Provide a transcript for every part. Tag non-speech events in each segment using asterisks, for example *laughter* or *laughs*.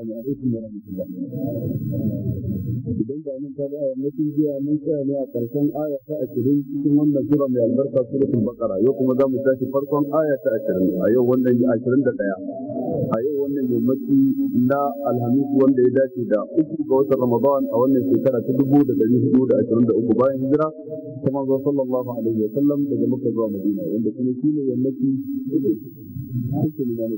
alaikum wa rahmatullah idan ba mun kada a mutum jiya mun tsaya ne a karshen aya ta ashirin cikin wannan sura mai albarka suratul baqara yau kuma za mu tashi farkon aya ta ashirin a yau wannan ashirin da ɗaya a yau wannan yammaci na alhamis wanda ya dace da uku ga watan ramadan a wannan shekara ta dubu da da ashirin uku bayan hijira ta manzo sallallahu alaihi wa sallam daga makka zuwa madina wanda kuma shine yammaci uku ne na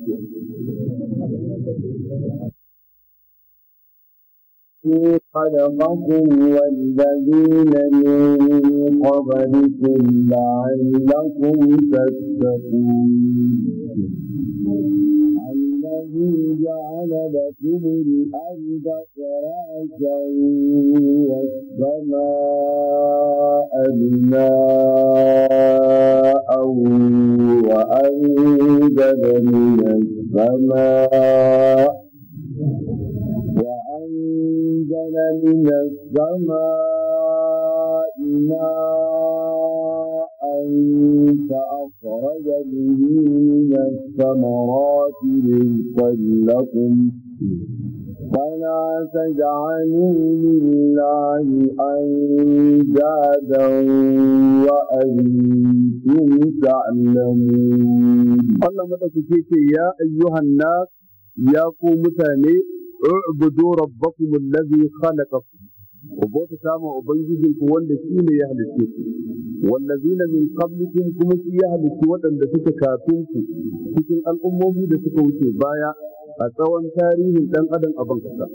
الذي خلقكم والذين من قبلكم لعلكم تتقون الذي جعل لكم الأرض فراشا والسماء بناء وأنزل من السماء أنزل من السماء ماء فأخرج به من الثمرات رزقا لكم فلا تجعلوا لله أندادا وأنتم تعلمون الله مدى يا أيها الناس يا قوم متاني اعبدوا ربكم الذي خلقكم وبوت سامع ubangijinku wanda shi ne ya halice ku wallazina min kuma shi ya halice waɗanda suka kafin ku cikin al'ummomi da suka wuce baya a tsawon tarihin dan adam a ban kasa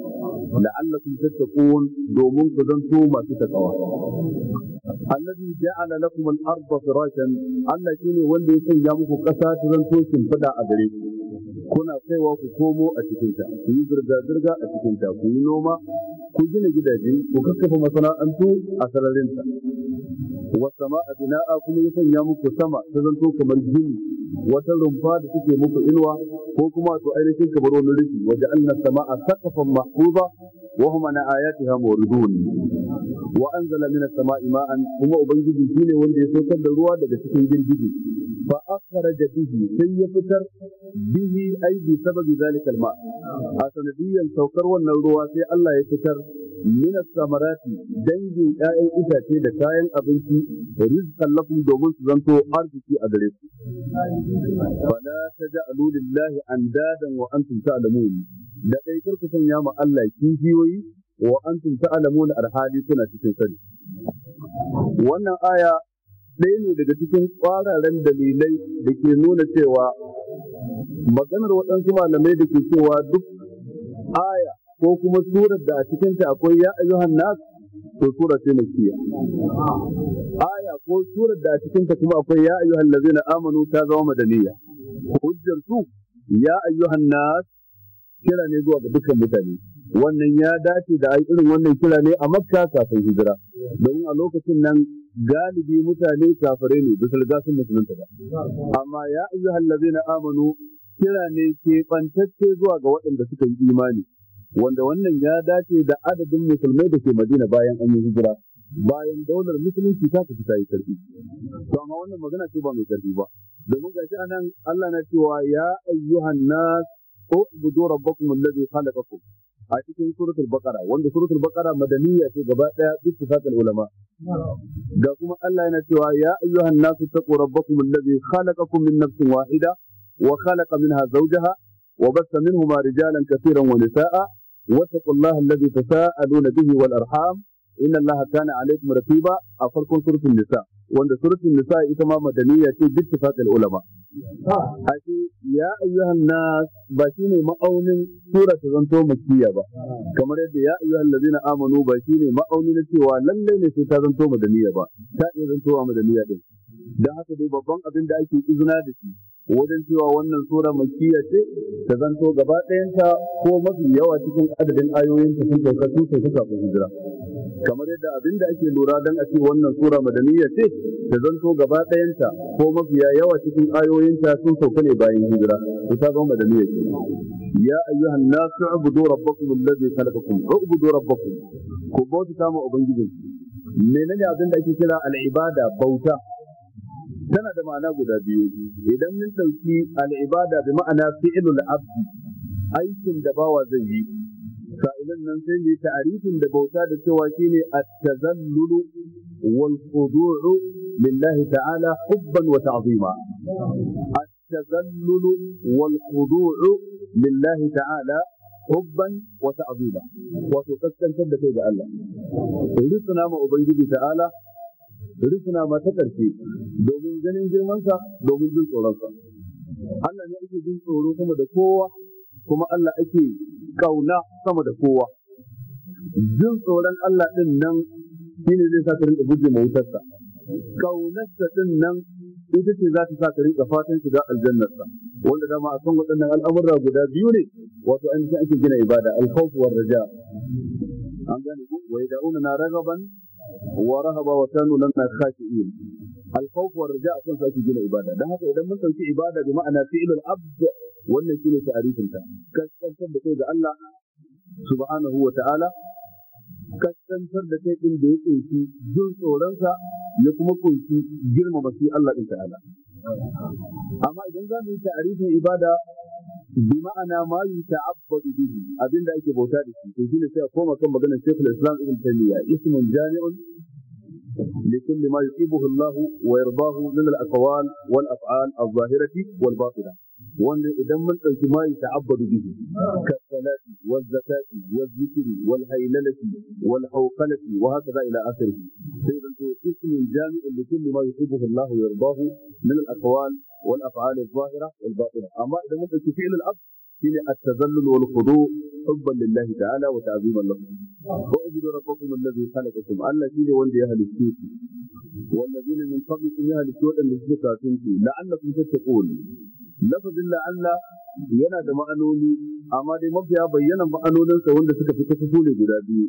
la'allakum tattaqun domin ku zanto masu takawa alladhi ja'ala lakum al-ardha firashan Allah shine wanda ya sanya muku kasa ta zanto shimfida a gare ku kuna kaiwa ku komo a cikinta ku yi zirga-zirga a cikinta ku yi noma ku gina gidaje ku kakkafa masana'antu a sararinta wata ma a bina'a kuma ya sanya muku sama ta zanto kamar gini wata rumfa da suke muku inuwa ko kuma to ainihin kamar wani rufi wajen annas sama'a sakafan mahfuza wa huma na ayatiha wa anzala min as-sama'i ma'an kuma ubangiji shine wanda ya sokar da ruwa daga cikin girgije fa akhraja bihi sai ya fitar bihi ai bi sababi zalika alma a sanadiyan saukar wannan ruwa sai Allah ya fitar min samarati dangin ƴaƴan itace da kayan abinci da rizqan lakum domin su zanto arziki a gare ku fala taj'alu lillahi andadan wa antum ta'lamun da dai kar ku sanya ma Allah kijiyoyi wa antum ta'lamun arhali kuna cikin sani wannan aya ɗaya ne daga cikin ƙwararren dalilai da ke nuna cewa maganar waɗansu malamai da ke cewa duk aya ko kuma surar da a cikinta akwai ya ayyuhan nas ko surar ce makkiya aya ko surar da a cikinta kuma akwai ya ayyuhan lazina amanu ta zama madaniya hujjar su ya ayyuhan nas kira ne zuwa ga dukkan mutane wannan ya dace da irin wannan kira ne a makka kafin hijira domin a lokacin nan galibi mutane kafare ne bisa riga sun musulunta ba amma ya hallazai na amanu kira ne ke bantacce zuwa ga waɗanda suka yi imani wanda wannan ya dace da adadin musulmai da ke Madina bayan an yi hijira bayan daular musulunci ta fi ta yi karfi to amma wannan magana ce ba mai karfi ba domin gashi anan Allah na cewa ya ayyuhan nas ubudu rabbakum alladhi khalaqakum a cikin suratul baqara wanda suratul baqara madaniya ce gaba daya duk ittifaqal ulama ga kuma Allah yana cewa ya ayyuhan nasu taqu rabbakum alladhi khalaqakum min nafsin wahida wa khalaqa minha zawjaha wa bassa minhuma rijalan katiran wa nisaa واتقوا الله الذي تساءلون به والارحام ان الله كان عليكم رقيبا a farkon suratul nisa wanda suratul nisa ita ma madaniya ce duk bittifaqal ulama ashe ya ayyuhan nas ba shi ne ma'aunin sura ta zanto makiyya ba kamar yadda ya ayyuhan amanu ba ne ma'auni na cewa lallai ne sai ta zanto madaniya ba ta iya zanto wa madaniya din Don haka dai babban abin da ake izina da shi wajen cewa wannan sura makiyya ce ta zanto gaba ɗayanta ko mafi yawa cikin adadin ayoyin ta sun sauka sun sauka kafin hijira kamar yadda abin da ake lura don a ce wannan sura madaniya ce da zanto gaba ɗayanta ko mafiya yawa cikin ayoyinta sun sauka ne bayan hijira to ta zama madaniya ce ya ayyuhan nasu ubudu rabbakum allazi khalaqakum ubudu rabbakum ku bauta ma ubangijin menene abin da ake kira al'ibada bauta tana da ma'ana guda biyu idan mun dauki al'ibada bi ma'ana fi'lul abdi aikin da bawa zai yi sa'ilan nan sai mai ta'arifin da bauta da cewa ne a tazallulu wal khudu'u lillahi ta'ala hubban wa ta'zima التذلل والخضوع لله تعالى حبا وتعظيما وتقسم da kai ga Allah risna ma ubangiji ta'ala risna ma ta karshe domin ganin girmansa domin jin tsoronsa Allah ne ake jin tsoro kuma da kowa kuma Allah ake kauna sama da kowa jin tsoron Allah ɗin nan shi ne zai sa ka rinka guje ma wutarsa kaunarsa ɗin nan ita ce za ta sa ka rinka fatan shiga aljannarsa wanda dama a san waɗannan al'amurra guda biyu ne wato an ce ake gina ibada al-khawf war raja an gane ku Wai da yad'una na ragaban wa rahaba wa kanu lana khashi'in al-khawf war raja a san sa ake gina ibada dan haka idan mun dauki ibada bi ma'ana fi'lul abd wannan shine ne ta kaskantar da kai ga Allah subhanahu wa ta'ala kaskantar da kai din da ya kunshi jin tsoronsa ya kuma kunshi girmama shi Allah din ta'ala amma idan za mu yi ta'arifin ibada bi ma'ana ma yi ta'abbadu bihi abinda ake bauta da shi to shine sai a koma kan maganar Sheikhul Islam Ibn Taymiyyah ismun jami'un لكل ما يحبه الله ويرضاه من الأقوال والأفعال الظاهرة والباطنة وأن إذا ما يتعبد به كالصلاة والزكاة والذكر والهيللة والحوقلة وهكذا إلى آخره فإذا هو اسم جامع لكل ما يحبه الله ويرضاه من الأقوال والأفعال الظاهرة والباطنة أما إذا ما فعل الأب shine at-tazallul wal khudu hubban lillahi ta'ala wa ta'ziman lahu wa ubudu rabbakum alladhi khalaqakum Allah shine wanda ya halicce ku والذين من قبلكم يهلكوا أن يشركوا كنتم لعلكم تتقون lafazin la'alla yana da ma'anoni amma dai mafiya bayyana ma'anoninsa wanda suka fi kusa ne guda biyu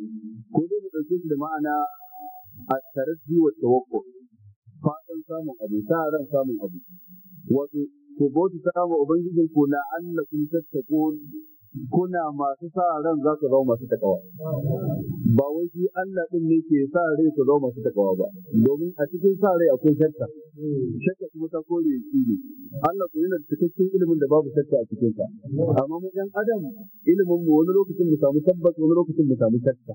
ko dai mu ɗauke shi da ma'ana a tarazzi wa tawakkul fatan samun abu sa ran samun abu wato ku bauta ta wa ubangijin ku la'allakum tattaqun kuna masu sa ran za su zama masu takawa ba wai shi Allah ɗin ne ke sa rai su zama masu takawa ba domin a cikin sa rai akwai shakka shakka kuma ta kore shi ne Allah ku yana cikakken ilimin da babu shakka a cikin sa amma mu dan adam ilimin mu wani lokacin mu samu tabbas wani lokacin mu samu shakka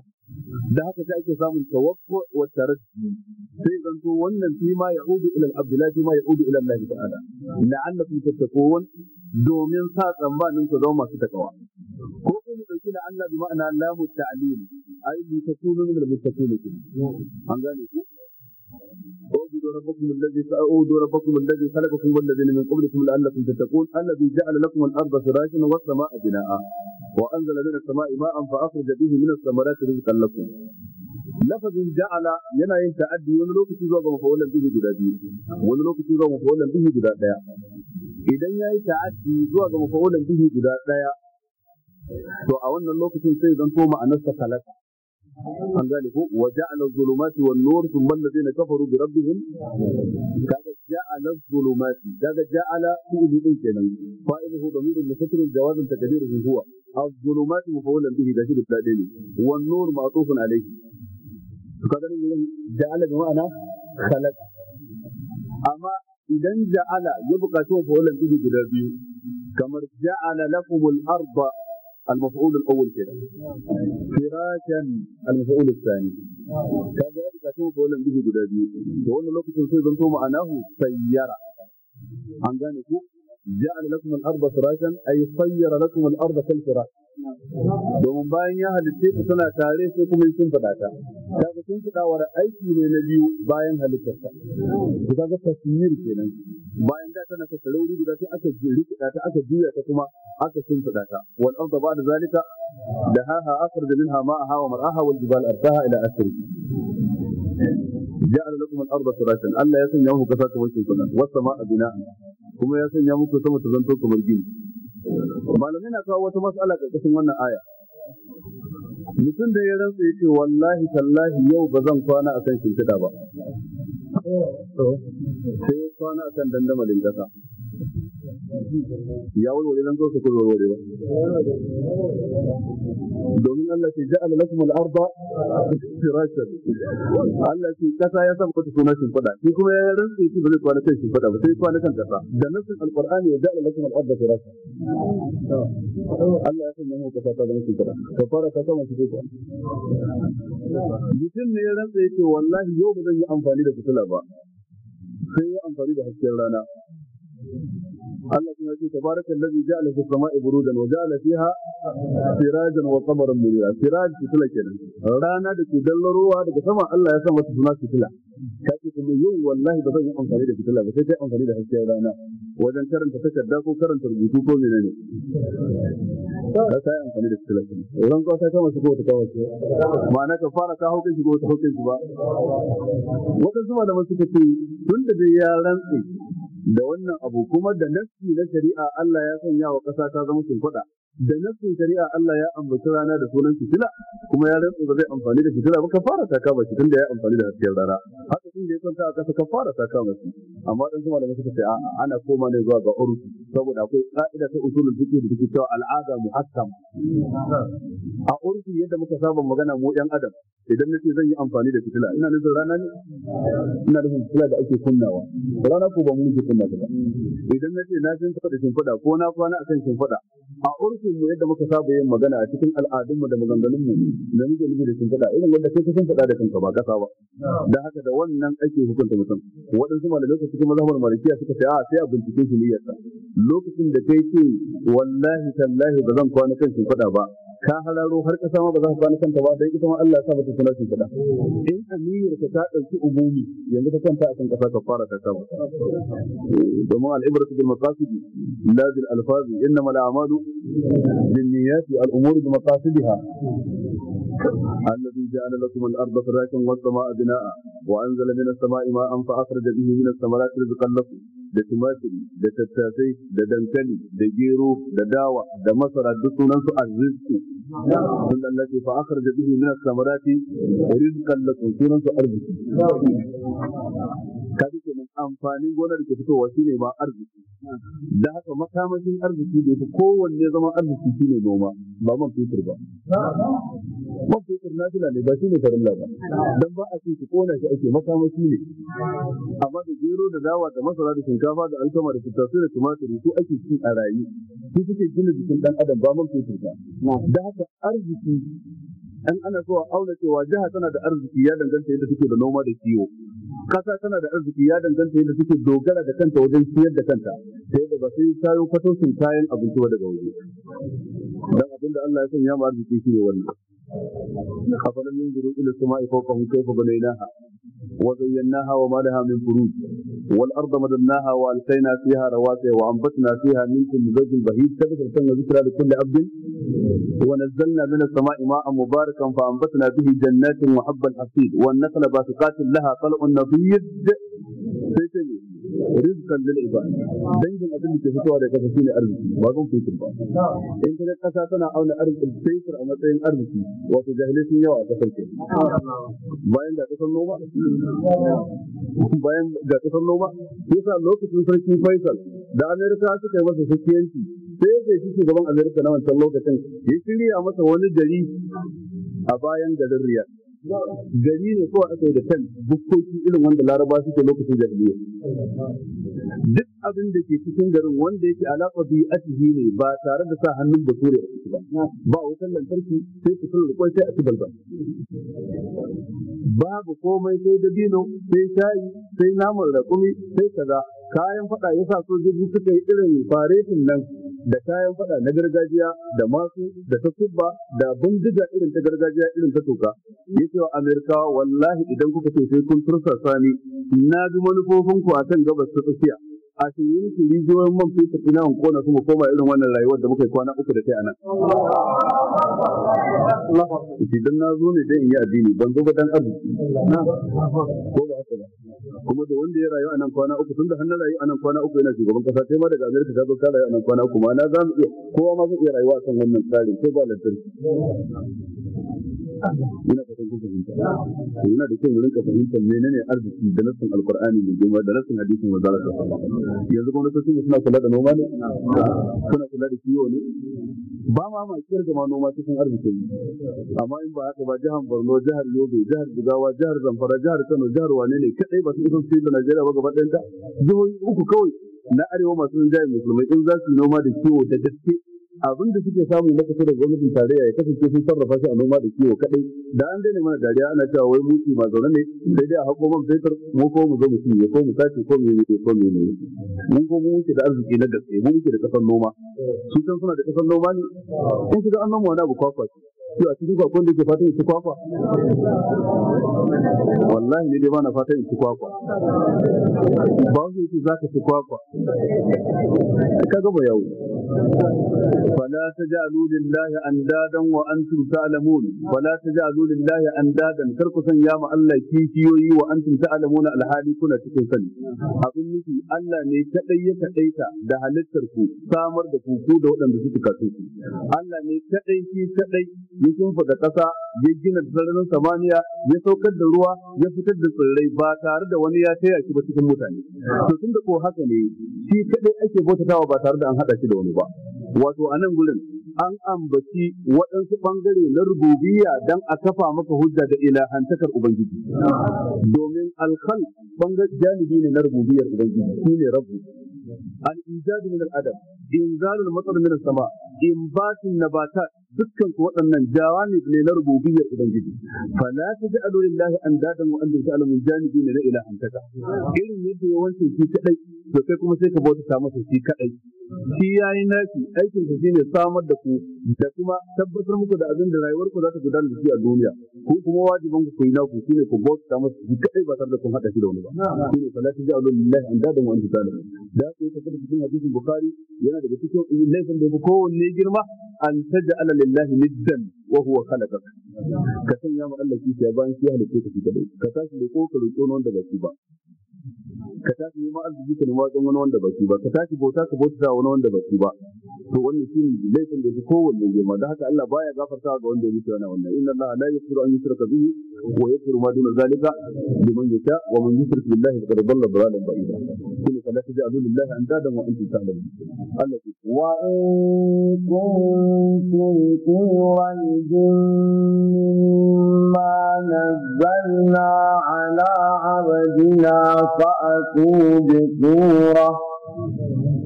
da haka sai ake samun tawakku wa taraddi sai zanto wannan fi ma ya'udu ila al-abdillah fi ma ya'udu ila Allah ta'ala la'allakum tattaqun domin sa tsammanin su zama masu takawa ko kuma dauki da Allah bi ma'ana lamu ta'lil ai bi takunu min al-muttaqin an gane ku اعبدوا ربكم الذي اعبدوا ربكم الذي خلقكم والذين من قبلكم لعلكم تتقون الذي جعل لكم الارض فراشا والسماء بناء وانزل من السماء ماء فاخرج به من الثمرات رزقا لكم لفظ جعل yana yin ta'addi wani lokaci zuwa ga mafaulan bihi guda biyu wani lokaci zuwa mafaulan bihi guda daya idan yayi ta'addi zuwa ga mafaulan to a wannan lokacin sai zan to ma'anarsa talata an gane ko wa ja'ala zulumati wan nur thumma alladhina kafaru bi rabbihim kaga ja'ala zulumati kaga ja'ala fi'li din kenan fa'iluhu damirun mutasil jawazan takdiruhu huwa az-zulumati mafawlan bihi da shi da ne wan nur ma'tufun alayhi kaga nan yin ja'ala bi ma'ana khalaqa amma idan ja'ala ya buƙaci mafawlan bihi guda biyu kamar ja'ala lakumul arda المفعول الاول كده فراشا المفعول الثاني كان ده كتو بقول ان دي جدادي بقول لو كنت قلت انتم معناه سيارة عندنا كده ja'ala lakum al-ardha firashan ay sayyara lakum al-ardha kal firash domin bayan ya halitte ku tana tare sai kuma sun fada ta kaga sun fada wa aiki ne na biyu bayan halittar ta to kaga tasmir kenan bayan da tana ta rauri guda sai aka rikida ta aka juya ta kuma aka sun fada ta wal arda ba'da zalika dahaha akhraj minha ma'aha wa mar'aha wal jibal arsaha ila asri ja'ala lakum al-ardha firashan Allah ya sanya muku kasa kamar shimfiɗa was sama'a bina'an kuma ya sanya muku sama ta zanto kamar gini malamai na kawo wata mas'ala karkashin wannan aya mutum da ya rantsa ya ce wallahi tallahi yau ba zan kwana a akan shimfiɗa ba sai ya kwana a kan dandamalin kasa ya walwale zan zo su kun walwale ba domin Allah ke ja'ala lakum al-arda firashan Allah ke kasa ya sa muku suna shin kuma ya rantsa shi ba zai kwana kan ba sai kwana kan kasa da nasin alqur'ani ya ja'ala lakum al-arda firashan Allah ya sanya muku kasa ta zama shin ka fara mutum ne ya rantsa yake wallahi yau ba zan yi amfani da fitila ba sai ya amfani da hasken rana الله سبحانه وتعالى تبارك الذي جعل في السماء برودا وجعل فيها سراجا وقمرا منيرا سراج كتلا كده رانا da ke dallarowa daga sama Allah ya sa mata suna fitila ta ce kuma yau wallahi ba zan yi amfani da fitila ba sai dai amfani da hasken rana wajen karanta takarda ko karanta rubutu ko menene ta ta yi amfani da fitila ran Wurin ta kama shi ko ta kama shi ma'ana ka fara ta hauke shi ko ta hauke shi ba wadansu malaman suka ce tun da dai ya rantse da wannan abu kuma da nassi na shari'a Allah ya sanya wa ƙasa ta zama shimfiɗa da nafsin shari'a Allah ya ambaci rana da sunan fitila kuma ya rantsa ba zai amfani da fitila ba ka ta kama shi tunda ya amfani da hasken rana haka sun da ya kwanta a kasa fara ta kama shi amma dan zuma da suka ce a'a ana koma ne zuwa ga Urdu, saboda akwai ka'ida ta usulul fiqh da take cewa al'ada muhakkam a Urdu yadda muka saba magana mu yan adam idan nace zan yi amfani da fitila ina nufin rana ne ina nufin fitila da ake kunnawa rana ko ba mu nake kunna ba idan nace na jin da shimfiɗa ko na kwana akan shimfiɗa a urfi aikin mu yadda muka saba yin magana a cikin al'adunmu da maganganunmu da muke nufi da sun faɗa irin wanda kai ka faɗa da kanka ba kasa ba da haka da wannan ake hukunta mutum waɗansu malamai su cikin mazhabar malikiya suka ce a sai a bincike shi niyyarsa lokacin da kai ce wallahi tallahi ba zan kwana kan faɗa ba ka hararo har kasa ma ba za ka bani kanta ba dan ita ma Allah ya sa mata suna shi kada in amiyar ka ta dauki ubumi yanzu ka kanta kan kasa ka fara ta kama domin al-ibratu bil maqasid la bil alfaz innama al-a'malu bin niyyat al umur bi maqasidiha الذي جعل لكم الارض فراشا والسماء بناء وانزل من السماء ماء فاخرج به من الثمرات رزقا لكم da tumatiri da tattasai da dankali da gero da dawa da masara duk sunan su arziki sun Allah fa akhar da bihi min as-samarati rizqan lakum sunan su arziki amfanin gona da ke fitowa shine ma arziki da haka makamashin arziki da ita kowanne zama arziki shine noma ba man fetur ba man fetur na fila ne ba ne farilla ba Don ba a ce su kona shi ake makamashi ne amma da gero da dawa da masara da shinkafa da alkama da tattasai da tumatiri su ake cin a rayu su suke gina jikin ɗan adam ba man fitur ba da haka arziki an ana so a auna cewa jiha tana da arziki ya danganta yadda take da noma da kiwo kasa tana da arziki ya danganta yadda suke dogara da kanta wajen siyar da kanta sai da ba sai kayo kwatocin kayan abinci daga waje dan abinda Allah ya sanya mu arziki shi ne wannan أفلم ينظروا إلى السماء فوقهم كيف بنيناها وزيناها وما لها من فروج والأرض مددناها وألقينا فيها رواسي وأنبتنا فيها من كل زوج بهيج أرسلنا ذكرى لكل عبد ونزلنا من السماء ماء مباركا فأنبتنا به جنات وحب الحصيد والنخل باسقات لها طلع نضيد rizqan lil ibad dangin abin da ke fitowa daga kasa shine arziki ba gon fitin ba in kaga kasa tana auna arzikin fitir a matsayin arziki wato jahilai sun yawa a kasar ke bayan da kasar noma bayan da kasar noma yasa lokacin sarki Faisal da Amerika suka yi masa sakiyanci sai da shi shugaban Amerika na wancan lokacin ya shirya masa wani gari a bayan garin Riyadh gari ne kawai aka yi da kan bukkoki irin wanda laraba suke lokacin jahiliya duk abin da ke cikin garin wanda yake alaƙa bi a ne ba tare da sa hannun bature a ciki ba ba wutan lantarki sai su kan rukwai sai a ci balba babu komai sai dabino sai shayi sai naman raƙumi sai kaza kayan faɗa ya sa sojoji suka yi irin faretin nan da kayan fada na gargajiya da masu da ta takubba da bindiga irin ta gargajiya irin ta toka ya ce wa amerika wallahi idan kuka ce sai kun tursasa Sani, na ji ku a kan gabas ta tsakiya a yi su rijiyoyin man fesa ina in kona su mu koma irin wannan rayuwar da muka yi kwana uku da kai nan. Idan na zo ne dai in yi addini ban zo ba dan abu. Ko ba kuma da wanda ya rayu a nan kwana uku tun da hannun rayu a nan kwana uku yana shugaban kasa sai ma daga Amerika ta zo rayu a nan kwana uku ma na za mu iya kowa ma zai iya rayuwa kan wannan tsarin sai ba lantarki ina fatan kun fahimta yana da kyau mu rinka fahimtar menene arziki da nassin alqur'ani mai girma da nassin hadisin manzo Allah yanzu kuma gwamnatocin suna kula da noma ne suna kula da kiwo ne ba ma ma kiyar da ma noma cikin arziki amma in ba haka ba jihar Borno jihar Yobe jihar Jigawa jihar Zamfara jihar Kano jihar wane ne kadai ba su isa su da Najeriya ba gabaɗayanta? ɗayan jihohi uku kawai na arewa masu rinjaye musulmai in za su yi noma da kiwo da gaske abin da suke samu na kusa da gwamnatin tarayya ya kasance sun sarrafa shi a noma da kiwo kadai da an daina mana dariya ana cewa wai mutu ma zaune ne sai dai a hako man fetur mu ko mu zo mu cinye ko mu tace, ko mu ne ko mu ne mun ko mu muke da arziki na gaske mu muke da kasar noma su can suna da kasar noma ne kun shiga an noma wani abu kwakwa to a cikin kwakwan da ke fatan ya ci kwakwa wallahi ne dai ba na fatan ya ci kwakwa ba su yake za ka ci kwakwa ka gaba yau an dadan wa ta فلا تجعلوا لله اندادا وانتم تعلمون ولا تجعلوا لله اندادا كركو سن يا wa الله كيكيوي وانتم تعلمون alhali kuna cikin sani abin nufi Allah ne kadai ya kadaita da halittar ku samar da ku da waɗanda suka kasu Allah ne kadai shi kadai ya shimfiɗa ƙasa ya gina sararin samaniya ya saukar da ruwa ya fitar da tsirrai ba tare da wani ya taya shi ba cikin mutane to tunda ko haka ne shi kaɗai ake bautatawa ba tare da an haɗa shi da wani ba wato a nan gurin an ambaci waɗansu ɓangare na rububiyya don a kafa maka hujja da ilahantakar Ubangiji. Domin alkhal ɓangare janibi ne na rububiyyar Ubangiji, shi ne rabu. Al-ijadu min al-adam inzalul matsar min sama inbatin nabata dukkan su waɗannan jawani ne na rububiyyar ubangiji fala taj'alu lillahi andadan wa antum ta'lamun ne na ilaha illa irin yadda yawancin shi kaɗai to kai kuma sai ka bauta ta masa shi kadai shi yayin naki aikin sa shine samar da ku da kuma tabbatar muku da abin da rayuwar ku za ta gudana da shi a duniya ku kuma wajiban ku kai naku shine ku bauta ta masa shi kadai ba tare da kun hada shi da wani ba shine salatu ja'alu lillahi andadan wa antum ta'lamun da ku ta kada cikin hadisi bukhari yana daga cikin laifin da kowanne girma an taj'ala lillahi niddan wa huwa khalaqak ka sanya ma Allah shi ya bayan shi halitta ka kadai ka tashi da ko ka roƙo wanda ba shi ba ka tashi ma arziki ka nema don wani wanda ba ba ka tashi bauta ka bauta wani wanda ba ba to wannan shi ne laifin da ya kowanne girma da haka Allah baya gafarta ga wanda ya mutu yana wannan inna Allah la yaghfiru an yushraka bihi wa yaghfiru ma duna zalika liman yasha wa man yushrik billahi faqad dalla dalalan ba'ida kuma fa la taj'alu lillahi andadan wa antum ta'lamun Allah ce wa in kuntum fi ma nazzalna ala abdina فأتوا بسورة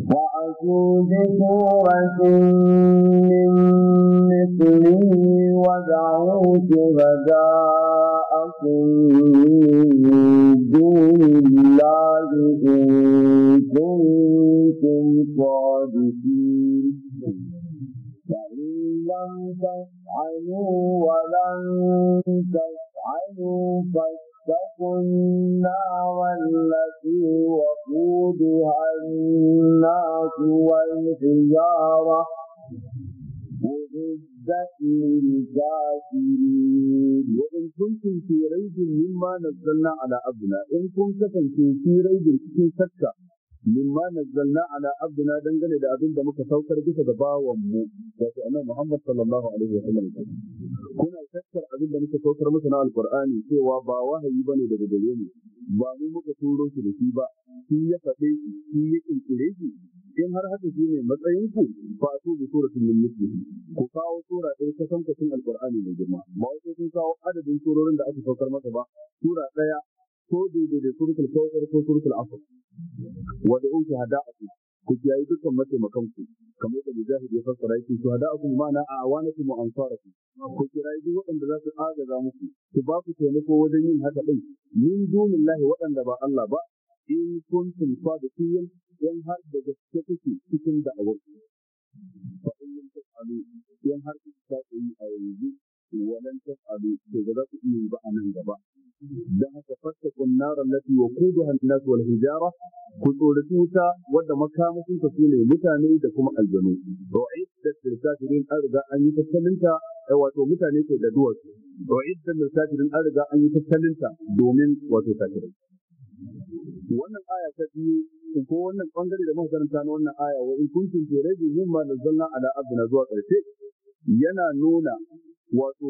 فأتوا بسورة من مثله ودعوا شهداءكم من دون الله إن كنتم صادقين nazzalna ala abdina in kun kasance shi raibin cikin shakka mimma nazzalna ala abdina dangane da abin da muka saukar bisa ga bawan mu wato annabi Muhammad abin da muka saukar musu na alqur'ani cewa ba wahayi bane daga gare mu ba mu muka turo shi da shi ba shi ya faɗe shi shi ya kirkire shi in har haka shi ne matsayin ku fa su bi suratul min mislihi ku kawo sura ɗaya ta san kasin alqur'ani mai girma ba wai sun kawo adadin surorin da ake saukar masa ba sura ɗaya ko daidai da suratul kawthar ko suratul asr wa hada shahada'akum ku kiyaye dukkan mataimakan ku kamar da mujahid ya fassara yake shahada'akum ma'ana a'wanakum wa ansarakum ku Ku kiyaye duk waɗanda za su agaza muku ku ba ku taimako wajen yin haka din min dunillahi waɗanda ba Allah ba in kuntum sadiqin Yan har da gaske kuke cikin da'awar ku. Ba in lam tafalu in har ta yi a yanzu walan tafalu to ba za ku iya ba a nan gaba dan haka fattakun nar allati waquduha an-nas wal hijara ku tsorata wuta wadda makamashin ta sune mutane da kuma aljanu ru'iddat lil kafirin an riga an yi tattalinta eh, wato mutane ke da duwatsu ru'iddat lil kafirin an riga an yi tattalinta domin wato kafirai wannan aya ta biyu ko wannan bangare da muka karanta na wannan aya wa in kuntum fi raibin mimma nazzalna ala abdina zuwa karshe yana nuna wato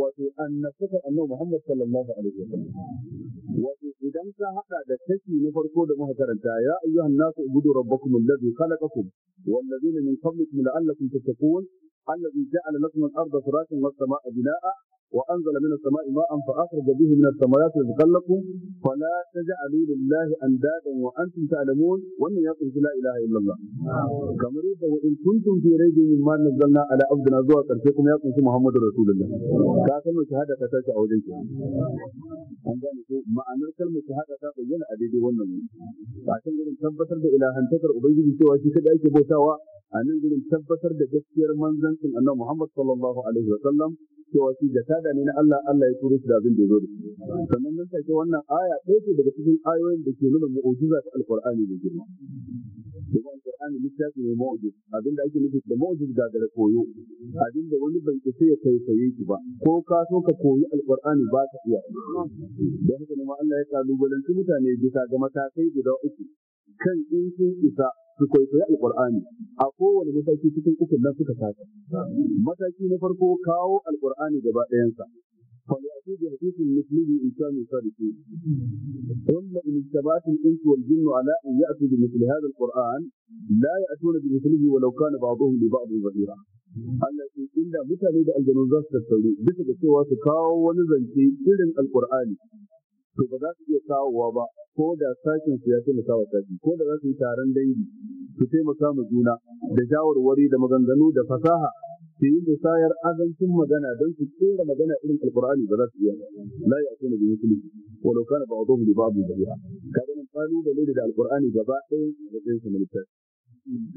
wato annabta annabi Muhammad sallallahu alaihi wasallam wato idan ka hada da kashi na farko da muka karanta ya ayyuhan nasu ubudu rabbakum alladhi khalaqakum wal ladina min qablikum la'allakum tattaqun الذي جعل لكم الأرض فراشا والسماء بناء وأنزل من السماء ماء فأخرج به من الثمرات رزقا لكم فلا تجعلوا لله أندادا وأنتم تعلمون وأن يقول لا إله إلا الله كما ريد وإن كنتم في ريب مما نزلنا على عبدنا زوا تركيكم يقول محمد رسول الله كاتم شهادة تتاشى أو جيش أنجاني ما أنا كلمة شهادة تتاشى أديدي ونمي عشان إذن تبتر إلى أن تكر أبيجي سوى شكد أيك بوتاوى أنا إذن تبتر لجسير منزل أن محمد صلى الله عليه وسلم سوى شكد irada ne na Allah Allah ya turo su da abin da ya zo da shi sannan nan take wannan aya ɗaya ce daga cikin ayoyin da ke nuna mu'ujiza ta alqur'ani da girma kuma alqur'ani littafi ne mu'ujiz abin da ake nufi da mu'ujiz ga da koyo abin da wani ban isa ya sai yake ba ko ka so ka koyi alqur'ani ba ka iya da haka ne ma Allah ya kalubalanci mutane bisa ga matakai guda uku kan in sun isa su kwaikwayi alqur'ani a kowane mataki cikin ukun nan suka saka mataki na farko kawo alqur'ani gaba ɗayansa فليأتي بحديث مثله إن كانوا صادقين. ثم إن اجتمعت الإنس والجن على أن يأتوا بمثل هذا القرآن لا يأتون بمثله ولو كان بعضهم لبعض ظهيرا. التي إلا متى da aljanu za su tattaru bisa ga cewa su kawo wani zance irin alkur'ani to ba za su iya kawowa ba ko da sakin su ya taimaka wa sarki ko da za su yi taron dangi su taimaka ma juna da shawarwari da maganganu da fasaha su yi musayar azancin magana don su tsira magana irin alkur'ani ba za su iya la ya kuna bi musulmi walau kana da babu da biya ka nan kalubale da alkur'ani gaba ɗaya da sai su mulkar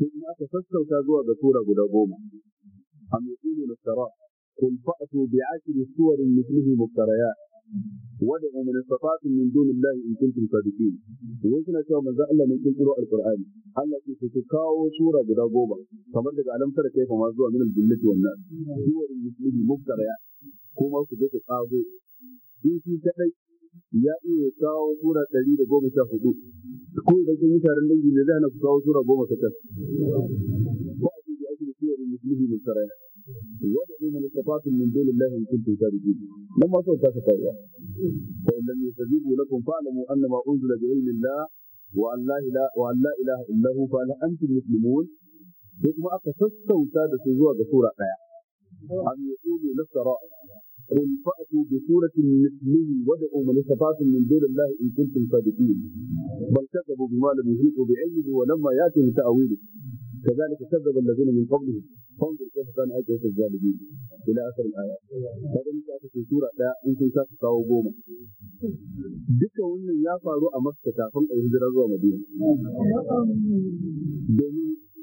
sai aka sassauta zuwa ga tura guda goma A mai am na tsara, kun fa'tu bi'ashri suwarin mithlihi muftariyat wad'u min istata'tum min dunillahi in kuntum sadiqin wai suna cewa manzo Allah ne kirkiro alqur'ani Allah ce su kawo sura guda goma kamar daga alamtar kai fa ma zuwa min al-jinnati wan nas suwarin muslimi mubtaraya kuma su je ku tsago in shi kadai ya iya kawo sura ɗari da goma sha hudu ko idan kun yi taron dangi ne zai hana ku kawo sura goma sha takwas ba a ce da ake da suwarin muslimi mubtaraya ودعوا من استطعتم من دون الله ان كنتم صادقين لما صوت تتطوع فان لم يستجيبوا لكم فاعلموا ان ما انزل بعلم الله وان لا اله وان لا اله الا هو فهل انتم مسلمون sai kuma aka sassauta da su zuwa ga sura ɗaya. قل فأتوا بسورة مثله ودعوا من استطعتم من دون الله إن كنتم صادقين بل كذبوا بما لم يحيطوا بعلمه ولما يأتهم تأويله كذلك كذب الذين من قبله فانظر كيف كان عاقبة الظالمين إلى آخر الآيات هذا من مثال في سورة لا إن كنت تساوي بوما duka wannan ya faru a Makka kafin a hijira zuwa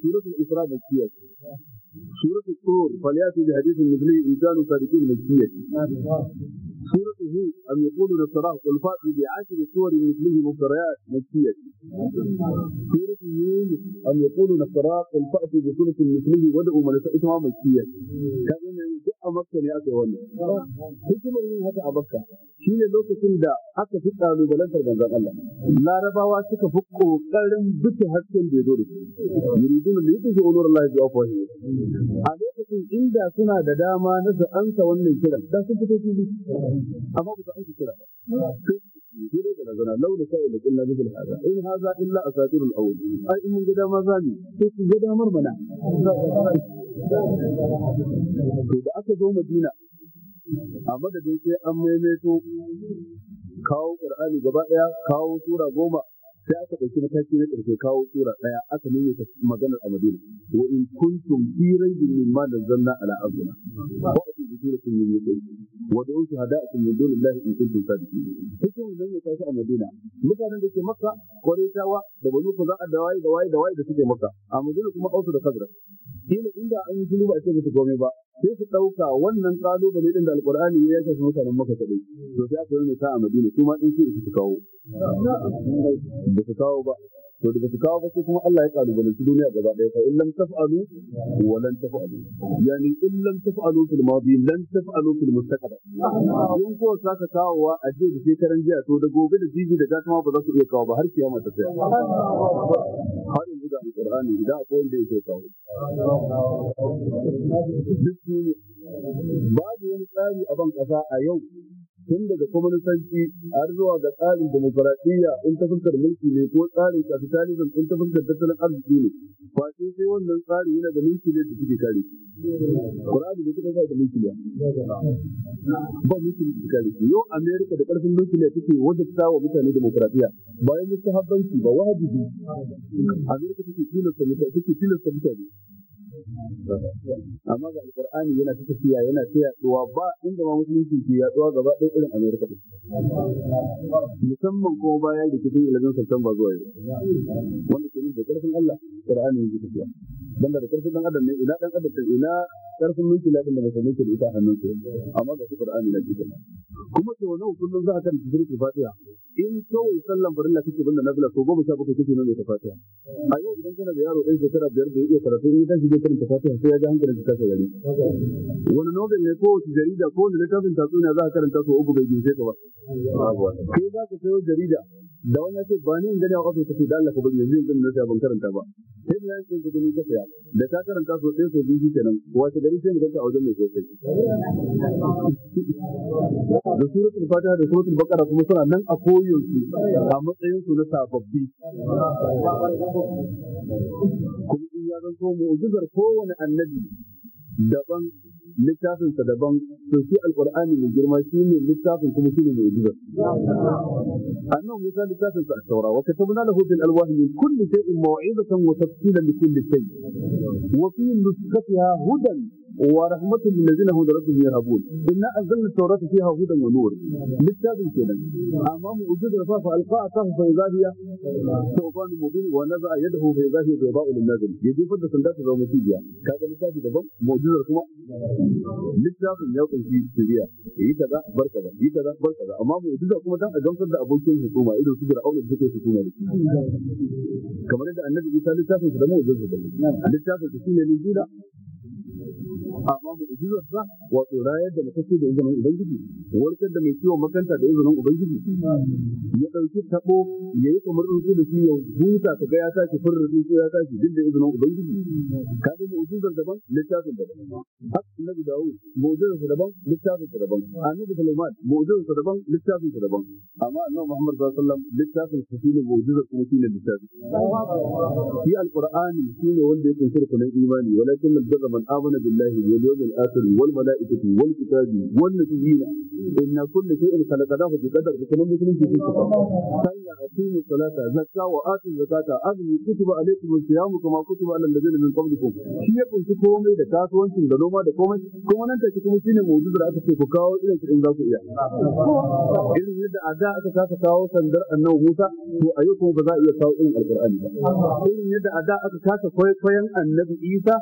سورة الإسراء مكية سورة الطور فليأتوا بحديث مثلي إن كانوا صادقين مكية سورته أم يقولون الصلاة والفاء بعشر سور مثله مفتريات مكية سورته أم يقولون الصلاة والفاء بسورة مثله ودعوا من سأتها مكية كان جاء مكة يأتي وانا حكمة من هذا أبكى شين لوك سندا أكا فتا لبلان تربان الله لا ربا واسك فقه قلن بك حسن بيدور يريدون أن يتجعوا نور الله بأفواهه عليك إن دا سنة داما نسأنت وانا الكلام دا سنة تجيبه amma ba an kira ba dole da zana launa sai da kullu bi hada in hada illa asatir al awwal ai in gida ma zani sai ki gida mar mana to da aka zo Madina a madadin sai an maimaito kawo Qur'ani gaba ɗaya, kawo sura goma sai aka ɗauki mataki na ƙarshe kawo sura ɗaya aka nuna ta maganar a madina wa in kuntum fi raibin mimma nazzalna ala abdina wa ati bi suratin min yusuf wa da'u shuhada'akum min dunillahi in kuntum sadiqin cikin wannan ya tashi a madina mutanen da ke makka quraishawa da banu kaza da waye da waye da waye da suke makka a madina kuma ausu da kadra shine inda an yi shiru ba a ce musu komai ba sai su ɗauka wannan ƙalubale ɗin da alƙur'ani ya yake mutanen maka kaɗai to sai aka yi ne ta a madina su ma ɗin su kawo ba su kawo ba to da su kawo ba sai kuma Allah ya kalubalanci duniya gaba ɗaya fa illam taf'alu wa lan taf'alu yani illam taf'alu fil madi lan taf'alu fil mustaqbal in ko ka ka kawo a je da shekaran jiya to da gobe da jiji da gata ma ba za su iya kawo ba har kiyama ta tsaya har yanzu da alqur'ani idan akwai wanda yake kawo duk ne babu wani tsari a ban kasa a yau tun daga kwamanisanci har zuwa ga tsarin demokuraɗiyya in ta fuskar mulki ne ko tsarin kapitalism in ta fuskar tattalin arziki ne ba sai sai wannan tsari yana da mulki ne da suke kare Qur'ani ne kuka da mulki ne ba mulki ne suke kare yau Amerika da ƙarfin mulki ne suke wajen wa mutane demokuraɗiyya bayan mustahabbanci ba wahabi America take tilasta mutane suke tilasta mutane amma ga alqur'ani yana ta tafiya yana ta yaduwa ba inda ma musulunci ke yaduwa gaba ɗaya irin amerika din musamman kuma bayan rikicin ilimin ba zuwa yau wanda ke nuna da ƙarfin allah qur'ani yake tafiya Banda da karfin dan adam ne ina dan adam ta ina karfin mulki lafin da ba mulki da ita hannun su amma ga Qur'ani da cikin kuma to nawa kullun za ka rubuta suratul Fatiha in kawai sallan farilla kike banda nafila ko goma sha bakwai kike nuna ta Fatiha a yau idan kana da yaro ɗan tara biyar da ya iya karatu ni dan kike zai karanta Fatiha sai ya ga hankalin ka kasa gari wani nobel ne ko wace jarida ko wani ta tatsuniya za ka karanta su uku bai gimshe ka ba kai za ka sayo jarida da wani ce ba ni in gani a ofis kace da Allah ka bari yanzu yanzu na ban karanta ba sai da yanzu ka gani ka saya da ka karanta so sai so biyu kenan wace gari sai mu ganta a wajen mai sosai da suratul fatiha da suratul baqara kuma suna nan a koyon su a matsayin su na sababbi kuma in ya zanto mu'jizar kowane annabi daban littafin sa daban to shi alqur'ani mai girma shi ne littafin kuma shi ne mai jiba annabi Musa littafin sa taura wa katabna lahu bil alwah min kulli shay'in maw'izatan wa tafsilan li kulli shay wa fi nuskhatiha hudan ورحمة للذين هم ربهم يرهبون إنا أنزلنا التوراة فيها هدى ونور للتابع كده أمام وجود za فألقى عصاه فإذا هي ثوبان مبين ونزع يده فإذا هي بيضاء للنازل يجي فضة سندات الروماتية كذا للتابع daban موجود kuma? littafin ya kunshi shari'a yi kaza bar kaza yi kaza bar kaza amma mu duka kuma dan a gamsar da abokin hukuma irin su da aure suke hukuma ne kamar yadda annabi Isa littafin su da mu zai da littafin su shine ne amma mu ujizar sa wato rayar da mutacce da izinin ubangiji warkar da mai ciwon makanta da izinin ubangiji ya dauki tabo ya yi kamar tsuntsu da shi ya huta ka ga ya tashi furra tsuntsu ya tashi duk da izinin ubangiji ka ga mu'jizar daban littafin daban hak annabi dawud mu'jizar daban littafin daban annabi sulaiman mu'jizar daban littafin daban amma annabi muhammad sallallahu alaihi wasallam littafin sa shine mu'jizar kuma shine littafin shi alqur'ani shine wanda ya kunshi rukunin imani walakin man amana بالله واليوم الآخر والملائكة والكتاب والنبيين إن كل شيء خلقناه بقدر فكما مسلم في كل صلى أقيم الصلاة زكاة وآتوا الزكاة أغني كتب عليكم الصيام كما كتب على الذين من قبلكم shi ya kunshi komai da kasuwancin da noma da komai kuma nan take kuma shine mawdu da aka ce ku kawo irin in za ku iya irin yadda a da aka kasa kawo sandar annabi Musa ko a yau ba za a iya kawo irin ba irin yadda a da aka kasa kwaikwayon annabi Isa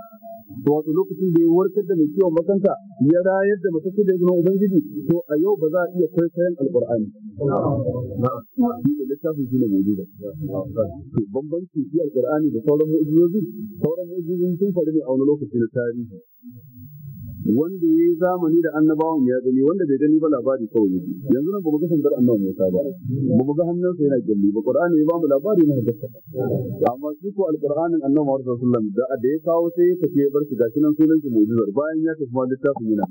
wato lokacin da ya warkar da mai kiwon makanta ya rayar da mace da izinin ubangiji to a yau ba za a iya kwaikwayon alqur'ani shi ne littafin shi ne mawjuda to bambanci shi alqur'ani da sauran mu'jizozi sauran mu'jizozin sun faru ne a wani lokaci na tarihi wanda ya yi zamani da annabawan ya gani wanda bai gani ba labari kawai yake yanzu nan ba mu ga sandar annabawan Musa ba ba mu ga hannunsa yana gani ba Qur'ani ya ba mu labari na da amma shi ko alqur'anin annabi Muhammad sallallahu alaihi wasallam da da ya kawo sai ya tafi ya bar shi gashi nan sunan shi mu'jizar bayan ya tafi ma littafin yana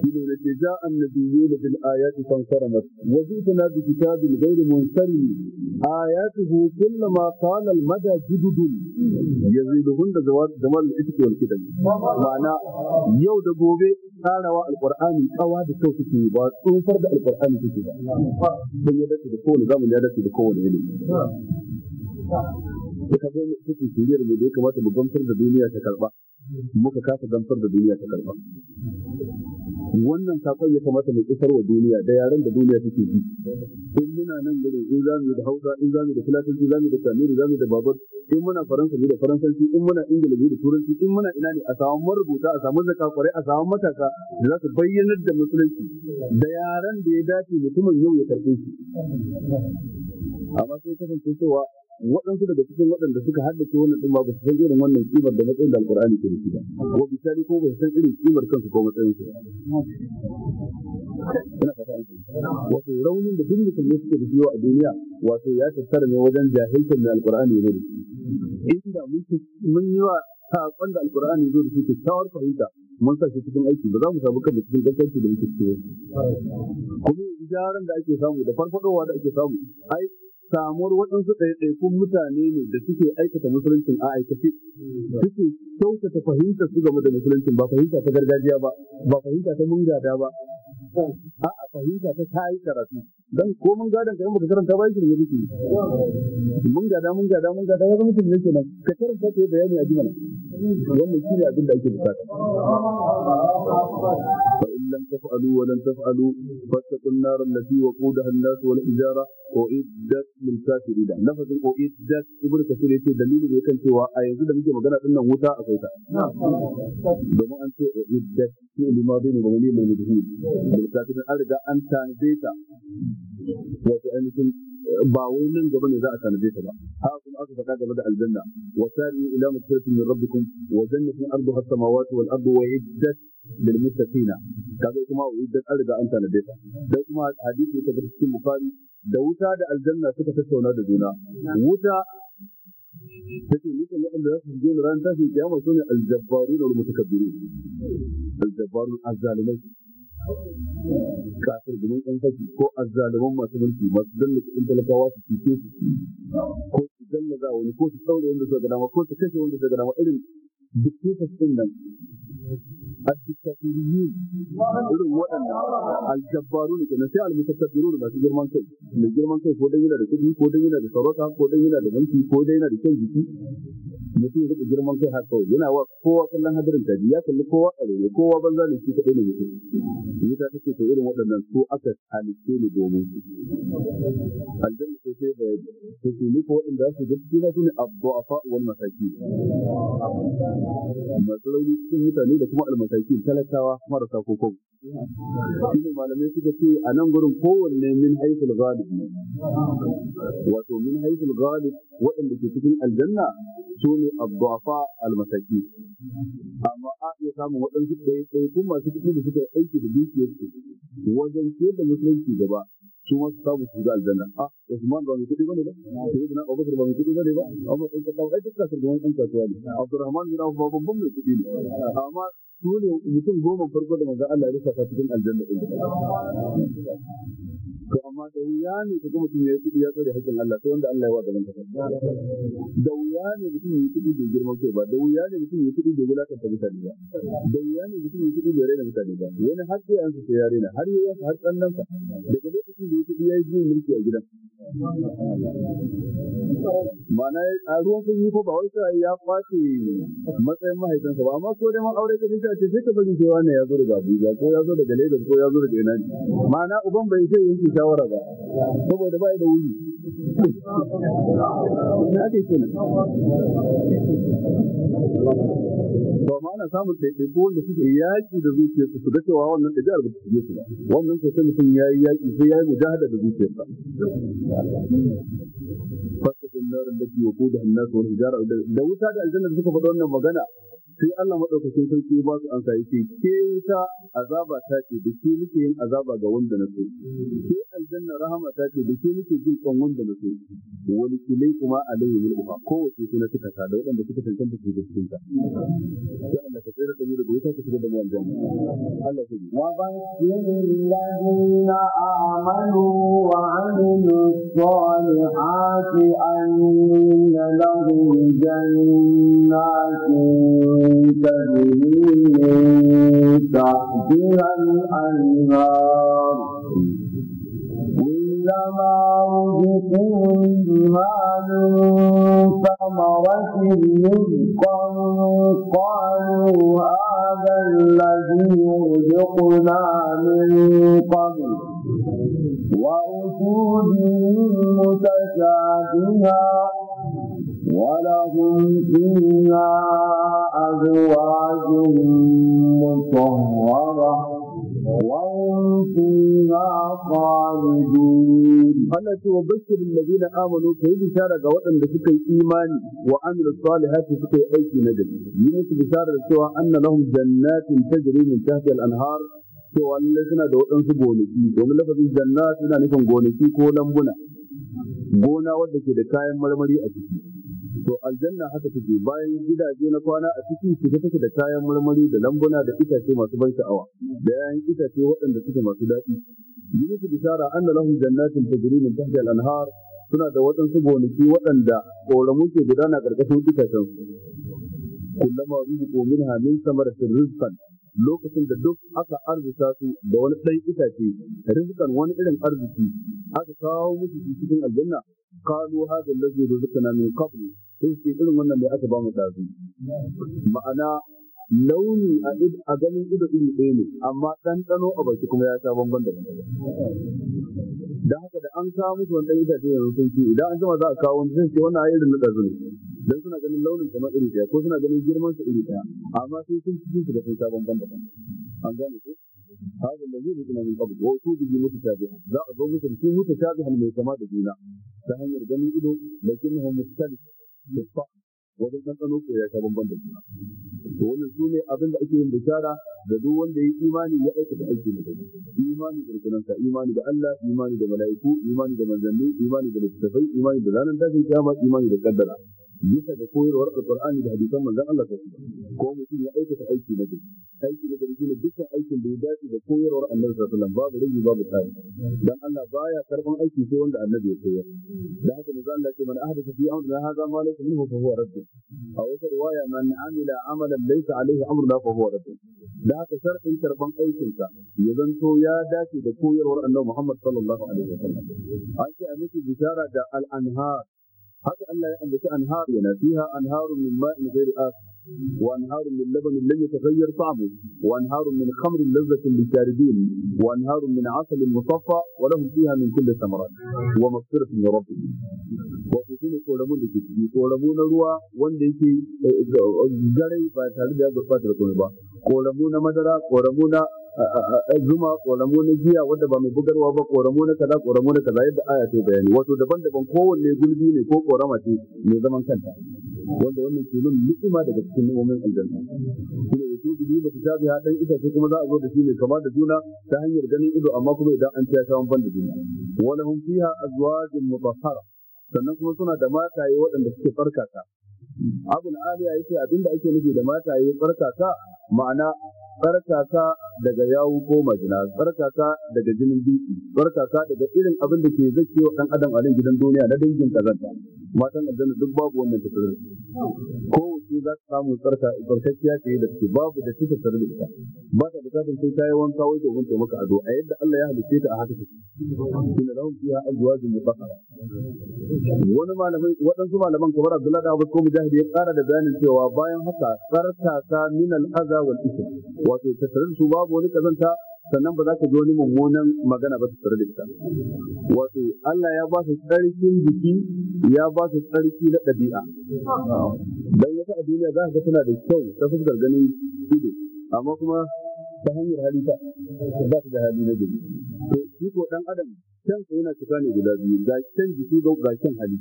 shi ne ce ja annabiyyu bil ayati fansaramat wa jitna bi kitabin ghayr munsarim ayatuhu kullama qala al mada judud yazidhun da zawad jamal al-itqi wal kitab ma'ana yau da gobe tsarawa alkur'ani tsawa da kyau suke ba tsufar da alkur'ani suke ba ya dace da kowane zamani ya dace da kowane ilimi duka ka gani take mu da ya kamata mu gamsar da duniya ta karba muka kasa gamsar da duniya ta karba wannan sakon ya kamata mu isar wa duniya da yaren da duniya take bi. in muna nan gurin in za mu da Hausa in za mu da in za mu da in za mu da Babur in muna Faransa ne da Faransanci in muna Ingila ne da Turanci in muna ina ne a samu marubuta a samu kwarai, a samu matasa da za su bayyanar da musulunci da yaren da ya dace mutumin yau ya karɓe shi amma sai kasance cewa waɗansu daga cikin waɗanda suka haddace wannan ɗin ba su san irin wannan kimar da matsayin da alƙur'ani ke da shi ba ko bisani ko ba su san irin kimar kansu ko matsayin su wato raunin da duk mutum suke da a duniya wato ya tattara ne wajen jahilcin da alƙur'ani ya da inda mun yi wa saƙon da alƙur'ani zo da shi fahimta mun sa shi cikin aiki ba za mu samu kanmu cikin ƙasƙanci da muke cikin kuma jaran da ake samu da farfadowa da ake samu ai samuwar waɗansu ɗaiɗaikun mutane ne da suke aikata musuluncin a aikace suke kyautata fahimta su game da musuluncin ba fahimta ta gargajiya ba ba fahimta ta mun gada ba a a fahimta ta ta yi karatu dan ko mun gadan ka baka karanta ba shi ne yake mun gada mun gada mun gada ya zama mutum yake nan ka karanta ta bayani a jimala wannan shi ne abin da ake bukata لم تفعلوا ولن تفعلوا فاتقوا النار التي وقودها الناس والحجارة أعدت للكافرين لفظ أعدت ابن كثير يقول دليل يكن سوى أيضا لم يكن مجانا أنه وتا أخيتا بما أنت أعدت في الماضي المغني من المدهين للكافرين أرجع أن تنزيتا وتأنتم ba wai nan gaba ne za a tanaje ta ba ha kuma aka faɗa gaba da aljanna wa sari ila mutaqatin min rabbikum wa jannatin arduha as-samawati wal ardu wa iddat lil muttaqina kaga kuma wa iddat an riga an tanaje ta dan kuma hadisi ta cikin bukhari da wuta da aljanna suka tattauna da juna wuta take nufin waɗanda za su je ran ran tashin kiyama su ne aljabbarun wal mutakabbirun aljabbarun azzalimai kafin domin ɗan saki ko azzaluman masu mulki masu danna kuɗin talakawa su cike su ko su danna za wani ko su ɗaure wanda suka dama ko su kashe wanda suka dama irin dictators ɗin nan الدكتاتوريين irin waɗanda aljabbaru ne kenan sai almutakabbiru da masu girman kai ne girman kai ko dan yana da kuɗi ko dan yana da sarauta ko dan yana da banki ko dan yana da kyan jiki mutum ya girman kai haka yana wa kowa kallon hadarin taji ya kalli kowa a rere kowa banza ne shi kaɗai ne mutum ta take ta irin waɗannan su aka halitte ne domin su aljanna ko sai da ta ce ni ko waɗanda su gaskiya na su ne abdu'afa wal masaki masu rauni cikin mutane da kuma almasaki talakawa marasa kokon shi ne malamai suka ce a nan gurin kowanne min haifin ghalib wato min haifin ghalib waɗanda ke cikin aljanna su ne abdu'afa almasaki amma a iya samun waɗansu ɗaya ɗaya kuma masu kuɗi da suka aiki da dukiyarsu wajen ke da musulunci gaba su ma su samu su ga aljanna a ah, Usman ba mai kudi bane ba sai ibn Abu ba mai kudi bane ba amma in ka kawo duka sun ga wani kasuwa ne Abdurrahman bin Auf babban ban mai kudi ne amma su ne mutum goma farko da manzo Allah ya rufa cikin aljanna din to amma da wuya ne ka ga mutum ya kudi ya tsare hakkin Allah sai wanda Allah ya wa gaban da wuya ne mutum yi kudi da girman kai ba da wuya ne mutum yi kudi da wulakanta mutane ba da wuya ne mutum yi kudi da mutane ba wani an su sai ya har har daga lokacin da yi kuɗi ya yi jin mulki a gidan. Mana a ruwan yi ko ba wai sai ya kwace matsayin mahaifinsa ba amma ko dai man aure ka kuɗi ta ce sai ka bari cewa ne ya zo daga Abuja ko ya zo daga Lagos ko ya zo daga Inani. Mana uban bai sai yanke shawara ba saboda ba da wuri. Na ake ce Ba ma ana samun ɗaiɗaiku wanda suke yaƙi da zuciyarsu su ga cewa wannan ɗabi'ar ba su je su ba. Wannan sosai mutum ya yi yaƙi sai ya yi guda. shahada da zuciyarsa fatakun narin da ke wako da hannasu wani hijara da wuta da suka faɗa wannan magana sai Allah madaukakin sarki ya ba su ansa yake ke wuta azaba ta ce da ke nake yin azaba ga wanda na so ke aljanna rahama ta ce da ke nake jin kan wanda na so wani kilai kuma alayhi min uha kowace sai na suka ta da waɗanda suka tantance su da cikin ta sai Allah ka tsira da mu daga wuta ka shiga da mu aljanna Allah ya yi wa bayyana amanu wa amilu salihati anna lahum jannatin تجري من تحتها الأنهار كلما رزقوا منها من ثمرة رزقا قالوا هذا الذي رزقنا من قبل وأتوا به متشابها ولهم فيها أزواج مطهرة وهم فيها خالدون Allah ce wa bashir alladhina amanu kai bishara ga waɗanda suka yi imani wa amilu salihati suka yi aiki na gari yi musu da cewa anna lahum jannatin tajri min tahtiha al-anhar to wallahi suna da waɗansu gonaki domin lafazin janna, suna nufin gonaki ko lambuna gona wadda ke da kayan marmari a ciki to aljanna haka take bayan gidaje na kwana a su shiga take da kayan marmari da lambuna da itace masu ban sha'awa da yayan itace waɗanda suke masu daɗi yi musu bishara anna lahum jannatin tajri min tahtiha al-anhar suna da waɗansu gonaki waɗanda ƙoramu ke gudana ƙarƙashin itacen su kullama rizqu minha min samaratin rizqan lokacin da duk aka arzuta su da wani ɗan itace rizikan wani irin arziki aka kawo musu cikin aljanna قالوا هذا الذي رزقنا من قبل sai ce irin wannan da aka ba mu ɗazu ma'ana launi a ganin ido iri ɗaya ne amma ɗanɗano a baki kuma ya sha bamban da bambam da haka da an kawo musu wani itace yanzu sun ce idan an gama za a kawo wani sun ce wannan irin na ɗazu ne dan suna ganin launin kamar iri ɗaya ko suna ganin girman su iri ɗaya amma sai sun ci su da sun sha bamban da bambam an gane ko هذا الذي ذكرنا من قبل ووجوده shafi لا أظن في da من Ta hanyar فهم يرجمي da لكنه مختلف nufa wajen ɗanɗano ko ya sha bamban da juna to wannan su ne abin da ake yin bishara da duk wanda ya yi imani ya aikata aiki na gari imani da rukunansa imani da Allah imani da mala'iku imani da manzanni imani da littattafai imani da ranar dajin kyama imani da kaddara bisa ga koyarwar Qur'ani da hadisan manzon Allah ta ko mutum ya aikata aiki na gari aiki na gari ne dukkan aikin da ya dace da koyarwar annabi sallallahu alaihi wasallam babu rubi babu tsari dan Allah baya karban aiki sai wanda annabi ya koyar dan haka manzon Allah ce man ahdatha fi amrin hadha ma laysa minhu fa huwa radd a wata riwaya man amila amalan laysa alaihi amrun fa huwa radd dan haka sharɗin karban aikin aikinsa ya zanto ya dace da koyarwar annabi Muhammad sallallahu alaihi wasallam an ce a miki bishara da al-anhar haka Allah ya ambaci anharu yana fiha anharu min ma'in ghairi asin وانهار من لبن لم يتغير طعمه وانهار من خمر لذة للشاربين وانهار من عسل مصفى ولهم فيها من كل الثمرات ومغفرة من ربهم wato shi ne koramo da ke ciki koramo na ruwa wanda yake garai ba tare da ya gurbata da komai ba koramo madara koramo na zuma koramo giya wanda ba mai bugarwa ba koramo na kaza koramo yadda aya wato daban-daban kowanne gulbi ne ko korama ce mai zaman kanta wanda wannan ke nuna ni'ima daga cikin ni'imomin aljanna ne wato gudu ba ta tabi haɗin ita ce kuma za a zo da shi ne kama da juna ta hanyar ganin ido amma kuma idan an ta shawon ban da juna wa lahum fiha azwajun mutahhara sannan kuma suna da mataye waɗanda suke farkata ya aliya abin da ake nufi da mataye farkata ma'ana barka daga yawu ko majina barka daga jinin biki barka daga irin abin da ke zake wa dan adam a gidan duniya na dangin kazanta matan aljanna duk babu wannan tafsirin ko su za ka samu tsarka ka yi da take babu da take tare da ita ba ta bukatar sai ta yi wanka wai domin ta maka ado a yadda Allah ya halice ta a haka take inna lahum fiha azwajun mutahhara wani malamin wadansu malaman kamar Abdullahi da Abbas ko Mujahid ya ƙara da bayanin cewa bayan haka tsarka ta min al-adha wal wato ta tare da su babu wani kazanta sannan ba za ka ji wani mummunan magana ba su tare da ita wato Allah ya ba su tsarkin jiki ya ba su tsarki na ɗabi'a dan yasa a duniya za ka ga tana da kyau ta fuskar ganin ido amma kuma ta hanyar halitta ba su da hali na gari to shi ko dan adam can sai yana cika ne guda biyu ga can jiki ga ga can hali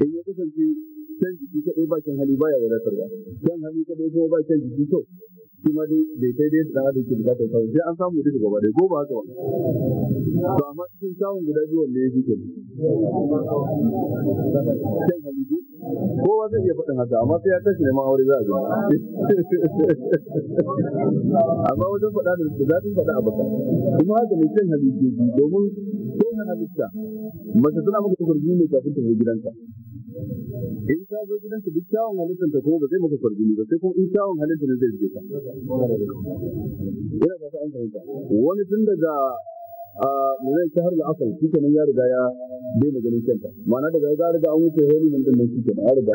in ya kasance can jiki kadai ba can hali baya wadatarwa can hali kadai kuma ba can jiki to Kuma dai bai kai dai da adam ke bukata ta sai an samu duka gaba dai ko ba haka ba to amma cikin samun guda biyu wanda ya jike kan halibu kowa zai iya faɗin haka amma sai ya tashi neman aure za a zo amma wajen faɗa da su zaɗin faɗa a baka kuma haka mai kan halibu domin ko na halitta mace tana maka takardu ne kafin ta zo gidanka in ka zo gidan ka duk kyawun halittar ta kuma ba zai maka kwargini ba sai kuma in kyawun halittar zai zai ka an fahimta wani tun daga a mulai shahar da asal shi nan ya riga ya daina ganin kyanta ma'ana daga ya riga an wuce hori mun din nan shi kenan ya riga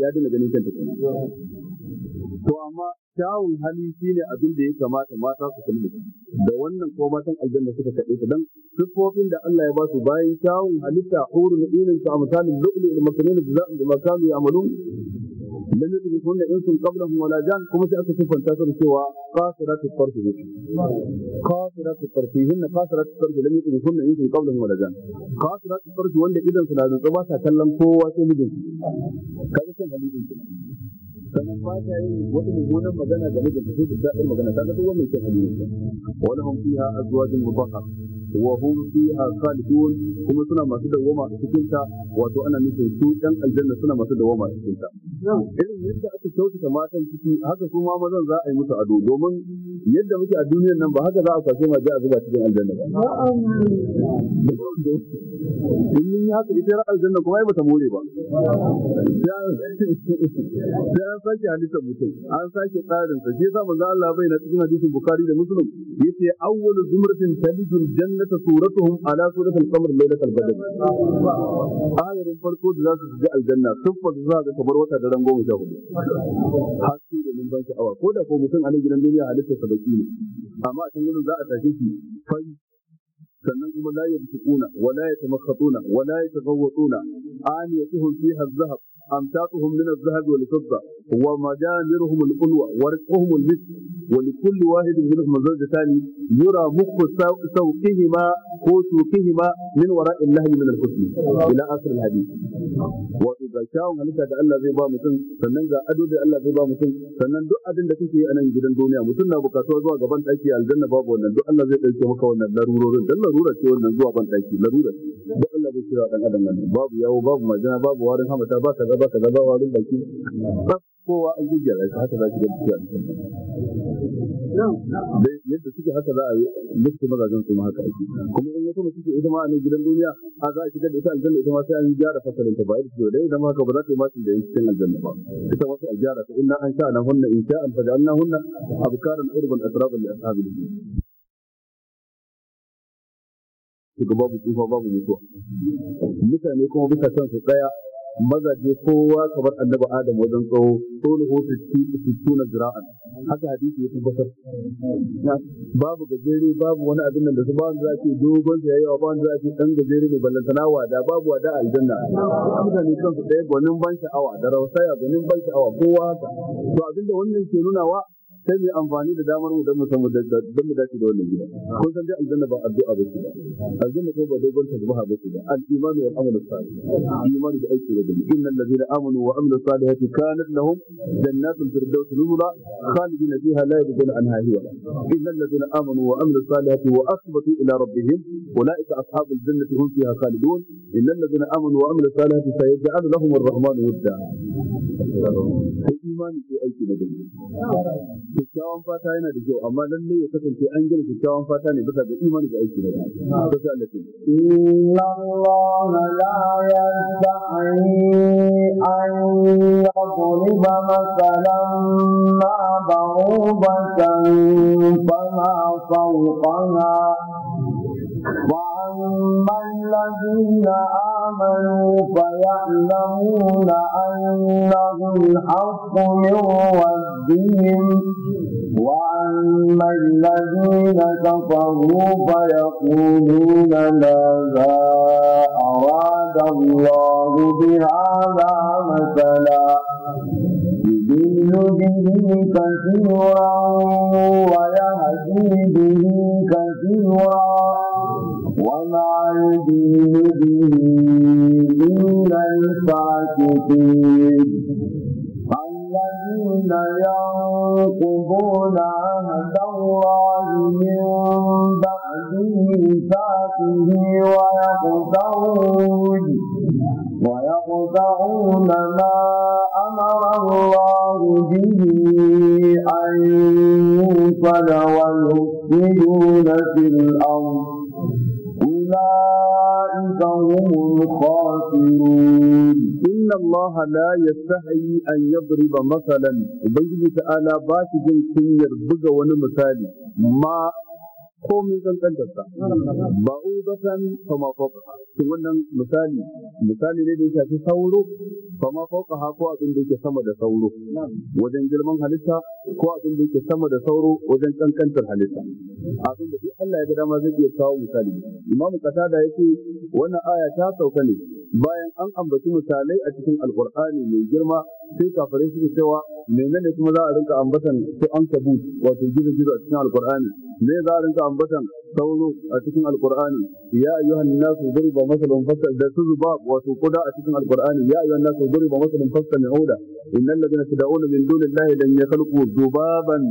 ya daina ganin kyanta to amma kyawun hali shine abin da ya kamata mata su kalli da wannan ko matan aljanna suka kaɗe ta dan siffofin da Allah ya ba su bayan kyawun halitta hurun ilin ta amsalin lu'lu da makanun da za'in da makanu ya amalu lam yudrikuna insun qablahum wala jan kuma sai aka siffanta su cewa qasiratu farji qasiratu farji hinna qasiratu farji lam yudrikuna insun qablahum wala jan qasiratu farji wanda idan su na zuba ba ta kallon kowa sai mijin kaga kan halin sannan ba ta yin wata mummunan magana game da su da daɗin magana ta ga mai wannan kyan hadisi wani a zuwa jin mubahar wa hum fiha khalidun kuma suna masu dawoma a cikin ta wato ana nufin su dan aljanna suna masu dawoma a cikin ta irin yadda aka kyautata matan ciki haka su ma mazan za a yi musu ado domin yadda muke a duniyar nan ba haka za a kwace ma ji a zuba cikin aljanna ba in yi haka ita ra aljanna kuma ai bata more ba *laughs* sai an sake halittar mutum an sake tsarin sa shi yasa manzo Allah bai na cikin hadisin Bukhari da Muslim yace awwalu zumratin talidul janna innaka suratuhum ala suratul qamar badr ayarin farko da za su shiga aljanna suffa za ga kamar wata daren goma sha hudu haske da mun ban sha'awa ko da ko mutum a nan gidan duniya halitta sabaki ne amma a can gurin za a tashe shi sannan kuma la yabtiquna wa la yatamakhatuna wa la an aniyatuhum fiha adh-dhahab amtatuhum min adh-dhahab wal fidda wa majamiruhum al-ulwa wa rizquhum al-misk wa li kulli wahidin minhum zawjatan yura mukhu sawqihima ko suqihima min wara'i al-lahmi min al-husn ila asr al-hadith wa ga kyawun halitta da Allah zai ba mutum sannan ga ado da Allah zai ba mutum sannan duk abin da kake yi a nan gidan duniya mutum na bukatuwa zuwa gaban daki aljanna babu wannan duk Allah zai dauke maka wannan larurorin dan larura ce wannan zuwa ban daki larura da Allah zai kira dan adam nan babu yawo babu majina babu warin hamata ba kaza ba kaza ba warin baki ba kowa an jijjira shi haka za ki ga tafiya dai yadda suke haka za a yi duk mazajen su ma haka ake kuma in wata mace ce ita ma a nan gidan duniya a za a shiga da ita aljanna ita ma sai an gyara fasalin ta ba yadda suke dai idan haka ba za ta yi matin da yin cikin aljanna ba ita ma sai a gyara ta inna an sha na hunna in sha an faja an na hunna abukaran urban asrabul ashabi shiga babu tsufa babu mutuwa mutane kuma bisa son su tsaya mazaje kowa kamar annabi adam wajen tsawo tsawon hoto sittuna zira'an haka hadisi ya tabbatar babu gajere babu wani abin nan da su bawan za ke dogon da yayawa bawan za ke dan gajere ne ballantana wada babu wada aljanna mutane kansu tsaya gwanin ban sha'awa da rausaya gwanin ban sha'awa kowa haka to abinda wannan ke nunawa sai mai amfani da damar mu don mu san don mu dace da wannan gida kun san dai aljanna ba addu'a ba ce ba aljanna ko ba dogon tasbiha ba ce ba al-iman wal amal salih iman da aiki da gari innal ladina amanu wa amilu salihati kanat lahum jannatul firdaus nuzula khalidina fiha la yabghuna anha hiya innal ladina amanu wa amilu salihati wa asbatu ila rabbihim ulaika ashabul jannati hum fiha khalidun innal ladina amanu wa amilu salihati sayaj'al lahum ar-rahmanu wadda imani ko aiki da gani. kyakkyawan fata yana da kyau amma lalle ya kasance an gina kyakkyawan fata ne bisa ga imani da aiki da ba ta Allah ce inna Allah la yastahi an yadriba masalan ma ba'ubatan fama fawqaha فأما الذين آمنوا فيعلمون أنه الحق من ربهم وأما الذين كفروا فيقولون ماذا أراد الله بهذا مثلا يضل به كثيرا ويهدي به كثيرا وما يدين به إلا الفاسقين الذين ينقضون عهد الله من بعد ميثاقه ويقطعون ويقطعون ما أمر الله به أن يوصل ويفسدون في الأرض أولئك هم الخاسرون إن الله لا يستحي أن يضرب مثلا وبنجي تعالى باشي جن كنير بغا ونمثالي ما komin kankantarsa ba uzatan kama fauqaha shi wannan misali misali ne da ya shafi sauro kama fauqaha ko abin da yake sama da sauro wajen girman halitta ko abin da yake sama da sauro wajen kankantar halitta abin da duk Allah ya ga dama zai iya kawo misali imamu qatada yake wannan aya ta sauka ne bayan an ambaci misalai a cikin alkur'ani mai girma sai kafare suke cewa menene kuma za a rinka ambatan su an wato gizo gizo a cikin alkur'ani zai za a rinka ambatan sauro a cikin alkur'ani ya ayyuhan nasu duriba masalun fasta da su zuba wato kuda a cikin alkur'ani ya ayyuhan nasu duriba masalun fasta mai auda innal ladina tad'una min dunillahi ya yakhluqu dubaban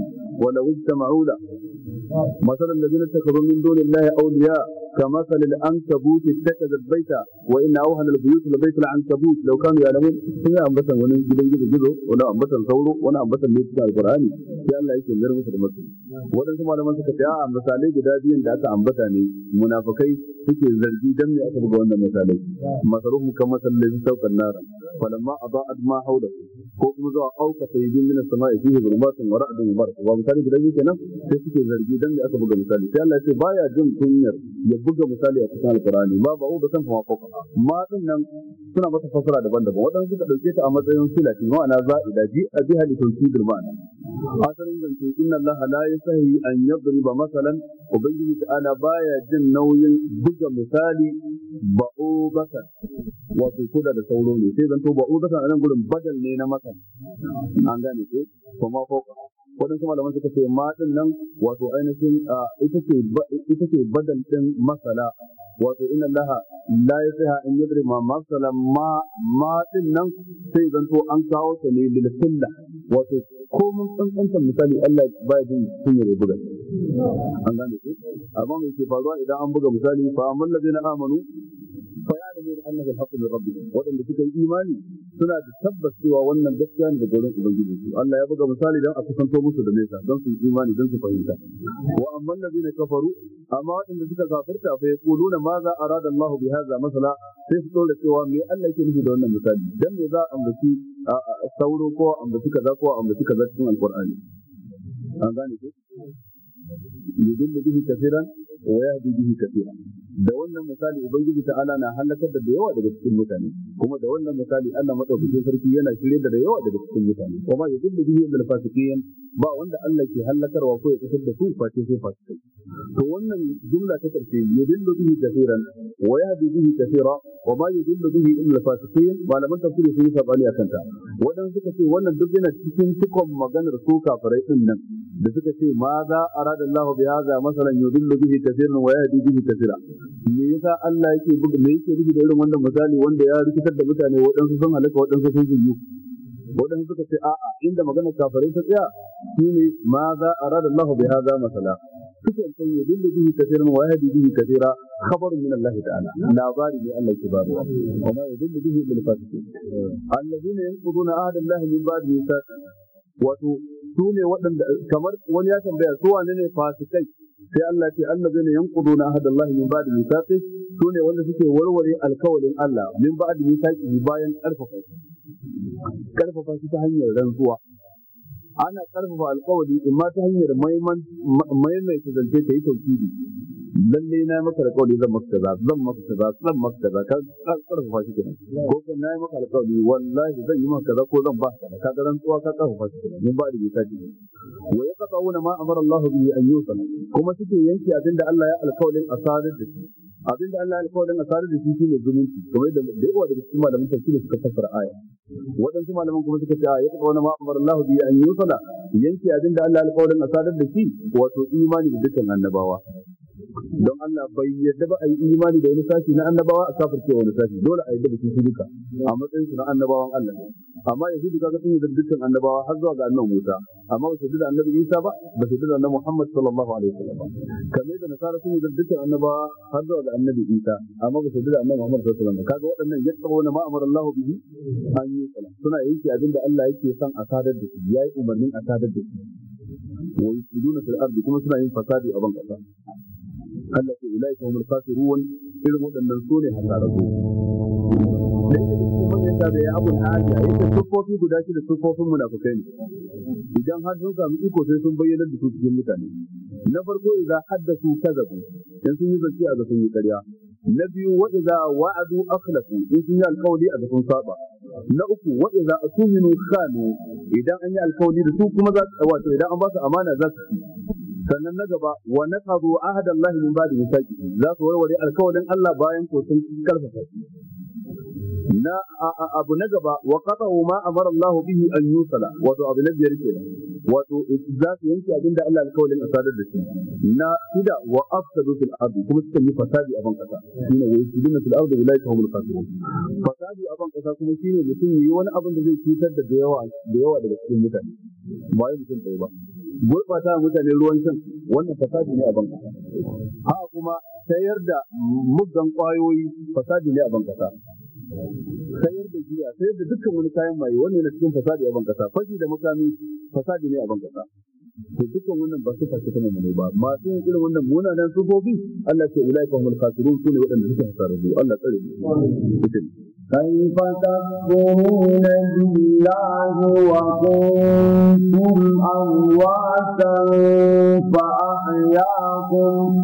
wa law istama'u مثل الذين اتخذوا من دون الله اولياء كمثل العنكبوت اتخذت بيتا وان اوهن البيوت لبيت العنكبوت لو كانوا يعلمون سنا امبتن wani gidan gidan gizo wani ambaton sauro wani ambaton ne cikin alqur'ani sai Allah yake mayar musu da mutum wadansu malaman suka ce a misalai guda biyun da aka ambata ne munafakai suke zargi dan ne aka buga wannan misalai masaruhum kamar sallai saukan nara falamma ma ko kuma zuwa auka sai sama min sama'i fihi zulmatun wa ra'dun bar wa misali da yake kenan sai suke zargi don da aka buga misali sai Allah ya ce baya jin kunyar ya buga misali a cikin alkurani ma ba uba san fa ko ma din nan suna masa fasara daban-daban waɗansu suka ɗauke ta a matsayin sila ke ma'ana za'ida ji a bi hali girma A asalin zance inna Allah la sahi an ba. masalan ubangiji ta'ala baya jin nauyin buga misali ba uba wato koda da sauro ne sai zanto ba uba san nan gurin badal ne na masa an gane ko kuma ko wadansu malaman suka ce ma nan wato ainihin ita ce ita ce badal din masala wato inna allaha la yasiha in yadri ma masala ma nan sai zanto an kawo ta ne lil sunna wato ko mun tsantsanta misali Allah ba ya jin sun yi buga an gane ce amma mai ke faruwa idan an buga misali fa amma na amanu ne da waɗanda suka yi imani suna da tabbas cewa wannan gaskiya ne da gurin ubangiji su Allah ya buga misali don a kusanto musu da nesa don su imani don su fahimta wa amma allazi ne kafaru amma waɗanda suka zafarta fa yaquluna ma za arada Allah bi hadha masala sai su dole cewa me Allah yake nufi da wannan misali dan me za a ambaci sauro ko ambaci kaza ko ambaci kaza cikin alqur'ani an gane ko yudillu bihi kathiran wa yahdi bihi kathiran da wannan misali ubangiji ala na halakar da yawa daga cikin mutane kuma da wannan misali Allah madaukakin sarki yana shirye da yawa daga cikin mutane kuma ya zubbu bihi da fasikiyan ba wanda Allah ke hallakarwa ko ya fitar da su face sai fasikai to wannan jumla ta karshe yudillu bihi kathiran wa yahdi bihi kathira wa ma yudillu bihi illa fasikin malaman tafsiri sun yi sabani akan ta wadan suka ce wannan duk yana cikin cikon maganar su kafirai din nan da suka ce ma za arada Allah bi hadha masalan yudillu bihi kathiran wa yahdi bihi kathira me yasa Allah yake buga me yake buga da irin wannan misali wanda ya rikitar da mutane wadansu sun halaka wadansu sun jinyu wadan suka ce a'a inda maganar kafirai ta tsaya shine ma za a arada Allah bi hadha masala suke san ya dinda bihi kafiran wa yahdi bihi kafira khabarun min Allah ta'ala labari ne Allah ke bayarwa kuma ya dinda bihi bil fasiqin alladhina yanquduna ahda Allah min ba'di mithaqi wato su ne waɗanda kamar wani ya tambaya su wane ne fasikai sai Allah ce Allah zai yankudu na ahad Allah min ba'd misaqi su ne wanda suke warware alkawalin Allah min ba'd misaqi bayan karfafa shi karfafa shi ta hanyar rantsuwa ana karfafa alkawari in ma ta hanyar maimaita zance ta yi tauhidi lalle na maka alkawari zan maka kaza zan maka kaza zan maka kaza ka karfafa shi kenan ko kan na yi maka alkawari wallahi zan yi maka kaza ko zan ba kaza ka garan tsuwa ka karfafa shi kenan mun ba da bi kaji wa yaqauna ma amara Allah bihi an yusal kuma suke yanke abinda Allah ya alkawarin asarar da shi abin da Allah ya alƙawarin a tsari da shi ne zumunci kamar da da yawa daga cikin malaman da suka fassara aya waɗansu malaman kuma suka ce ya taɓa wani amara Allah bi an yusala yanke abin da Allah ya alƙawarin a sadar da shi wato imani da dukkan annabawa don Allah bai yadda ba a yi imani da wani sashi na annabawa a kafirce wani sashi dole a yadda bikin shirka a matsayin su na annabawan Allah amma yahudu kaga sun yadda dukkan annabawa har zuwa ga annabi Musa amma ba su yadda annabi Isa ba ba su yadda annabi Muhammad sallallahu alaihi wasallam kamar yadda nasara sun yadda dukkan annabawa har zuwa ga annabi Isa amma ba su yadda annabi Muhammad sallallahu alaihi wasallam kaga waɗannan yattauna ma amara Allah bihi an yi suna yake abinda Allah yake son a sadar da shi yayi umarnin a sadar da shi wa yusiduna fil ardi kuma suna yin fasadi a ban kasa Allah ce ulai ko mul ruwan irin waɗannan su ne hasararru da yake duk wanda ta da ya abu ta aji a yake sufofi guda shi da sufofin munafukai ne idan har sun samu iko sai sun bayyana da su cikin mutane na farko idan haddasu kazabu idan sun yi zance a ga sun yi ƙarya na biyu wa idza wa'adu akhlafu in sun yi alƙawari a ga sun saba na uku wa idza atuminu khanu idan an yi alƙawari da su kuma za su wato idan an ba su amana za su ci sannan na gaba wa na naqadu ahada Allah min ba'di misaqi za su warware alkawarin Allah bayan ko sun karfafa na abu na gaba wa qatahu ma amara Allah bihi an yusala wato abu na biyar kenan wato za su yanke abin da Allah alkawarin a sadar da shi na ida wa afsadu fil ardi kuma suka yi fasadi a ban kasa shine wa yusiduna fil ardi ulai ka humul khasirun fasadi a ban kasa kuma shine mutum yi wani abin da zai cutar da da yawa daga cikin mutane ba yi mutum ɗaya ba gurɓata mutane ruwan shan wannan fasadi ne a banka haka kuma sayar da muggan ƙwayoyi fasadi ne a bankasa sayar da giya sayar da dukkan wani kayan maye wannan yana cikin fasadi a bankasa fashi da mutane fasadi ne a bankasa to dukkan wannan ba su fashi kuma mu ne ba masu yin irin wannan munanan sufofi Allah ce ulai fa hul khasirun sune waɗanda suke hasararru Allah tsare su كيف تكفرون بالله وكنتم أمواتا فأحياكم